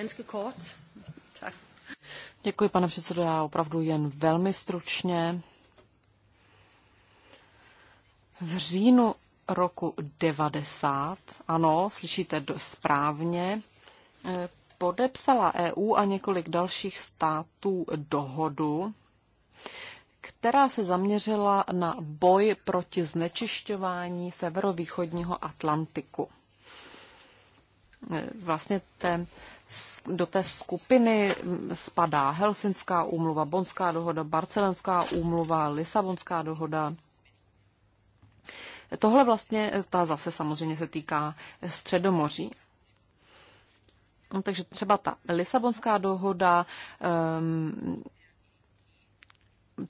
at kort. Tak. Děkuji, pane předsedo. Já opravdu jen velmi stručně. V říjnu roku 90, ano, slyšíte správně, eh, podepsala EU a několik dalších států dohodu, která se zaměřila na boj proti znečišťování severovýchodního Atlantiku. Vlastně té, do té skupiny spadá Helsinská úmluva, Bonská dohoda, Barcelonská úmluva, Lisabonská dohoda. Tohle vlastně, ta zase samozřejmě se týká Středomoří. No, takže třeba ta Lisabonská dohoda, um,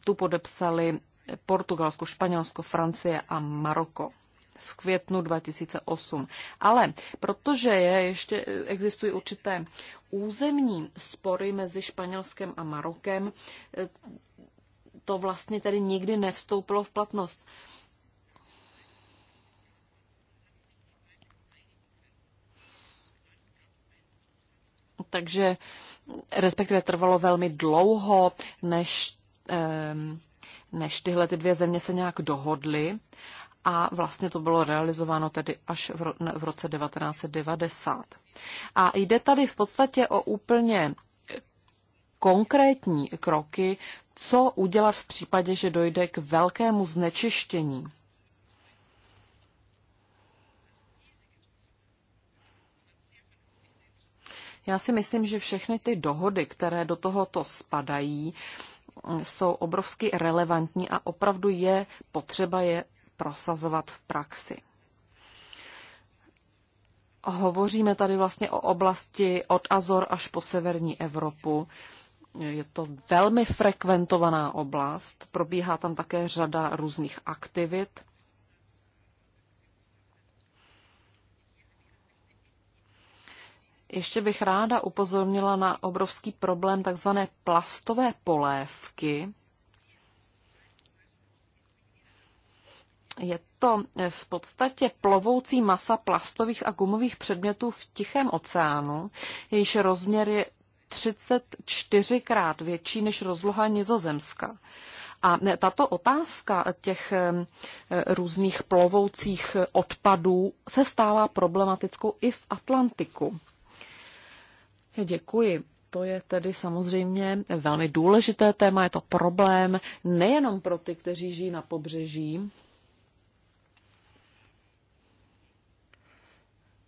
tu podepsali Portugalsko, Španělsko, Francie a Maroko v květnu 2008. Ale protože je, ještě existují určité územní spory mezi Španělskem a Marokem, eh, to vlastně tedy nikdy nevstoupilo v platnost. Um, takže respektive trvalo velmi dlouho, než, než tyhle ty dvě země se nějak dohodly a vlastně to bylo realizováno tedy až v, v roce 1990. A jde tady v podstatě o úplně konkrétní kroky, co udělat v případě, že dojde k velkému znečištění. Já si myslím, že všechny ty dohody, které do tohoto spadají, mm, jsou obrovsky relevantní a opravdu je potřeba je prosazovat v praxi. Hovoříme tady vlastně o oblasti od Azor až po severní Evropu. Je to velmi frekventovaná oblast, probíhá tam také řada různých aktivit Ještě bych ráda upozornila na obrovský problém takzvané plastové polévky. Je to v podstatě plovoucí masa plastových a gumových předmětů v Tichém oceánu, jejíž rozměr je 34 krát větší než rozloha Nizozemska. A tato otázka těch eh, různých plovoucích odpadů se stává problematickou i v Atlantiku. Děkuji. To je tedy samozřejmě velmi důležité téma, je to problém nejenom pro ty, kteří žijí na pobřeží.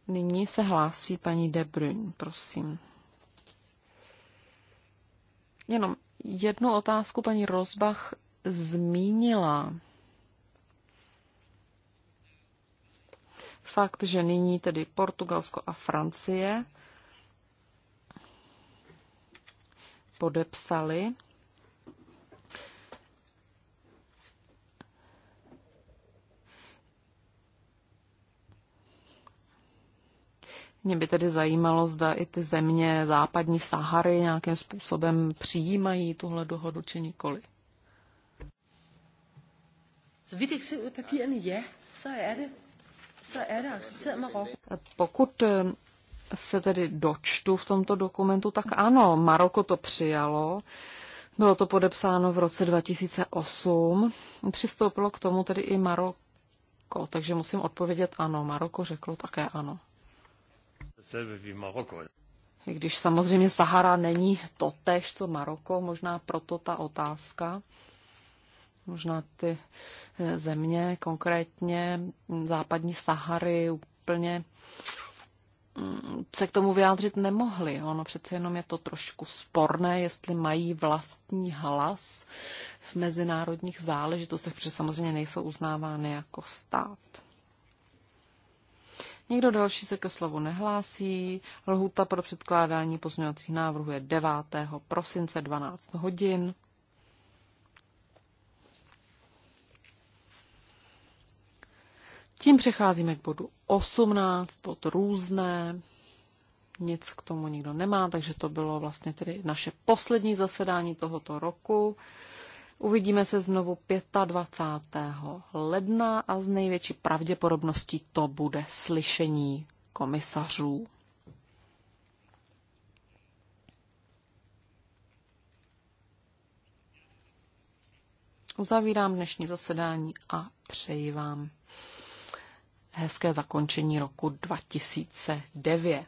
Nyní se hlásí paní De Bruyne, prosím. Jenom jednu otázku paní Rozbach zmínila. Fakt, že nyní tedy Portugalsko a Francie podepsali. Mě by tedy zajímalo, zda i ty země západní Sahary nějakým způsobem přijímají tuhle dohodu či nikoli. Er er Pokud se tedy dočtu v tomto dokumentu, tak ano, Maroko to přijalo. Bylo to podepsáno v roce 2008. Přistoupilo k tomu tedy i Maroko, takže musím odpovědět ano. Maroko řeklo také ano. I když samozřejmě Sahara není to tež, co Maroko, možná proto ta otázka. Možná ty eh, země, konkrétně západní Sahary, úplně se k tomu vyjádřit nemohli. Ono přece jenom je to trošku sporné, jestli mají vlastní hlas v mezinárodních záležitostech, protože samozřejmě nejsou uznávány jako stát. Nikdo další se ke slovu nehlásí. Lhuta pro předkládání pozměňovacích návrhů je 9. prosince 12 hodin. Tím přecházíme k bodu 18 pod různé. Nic k tomu nikdo nemá, takže to bylo vlastně tedy naše poslední zasedání tohoto roku. Uvidíme se znovu 25. ledna a z největší pravděpodobností to bude slyšení komisařů. Uzavírám dnešní zasedání a přeji vám hezké zakončení roku 2009.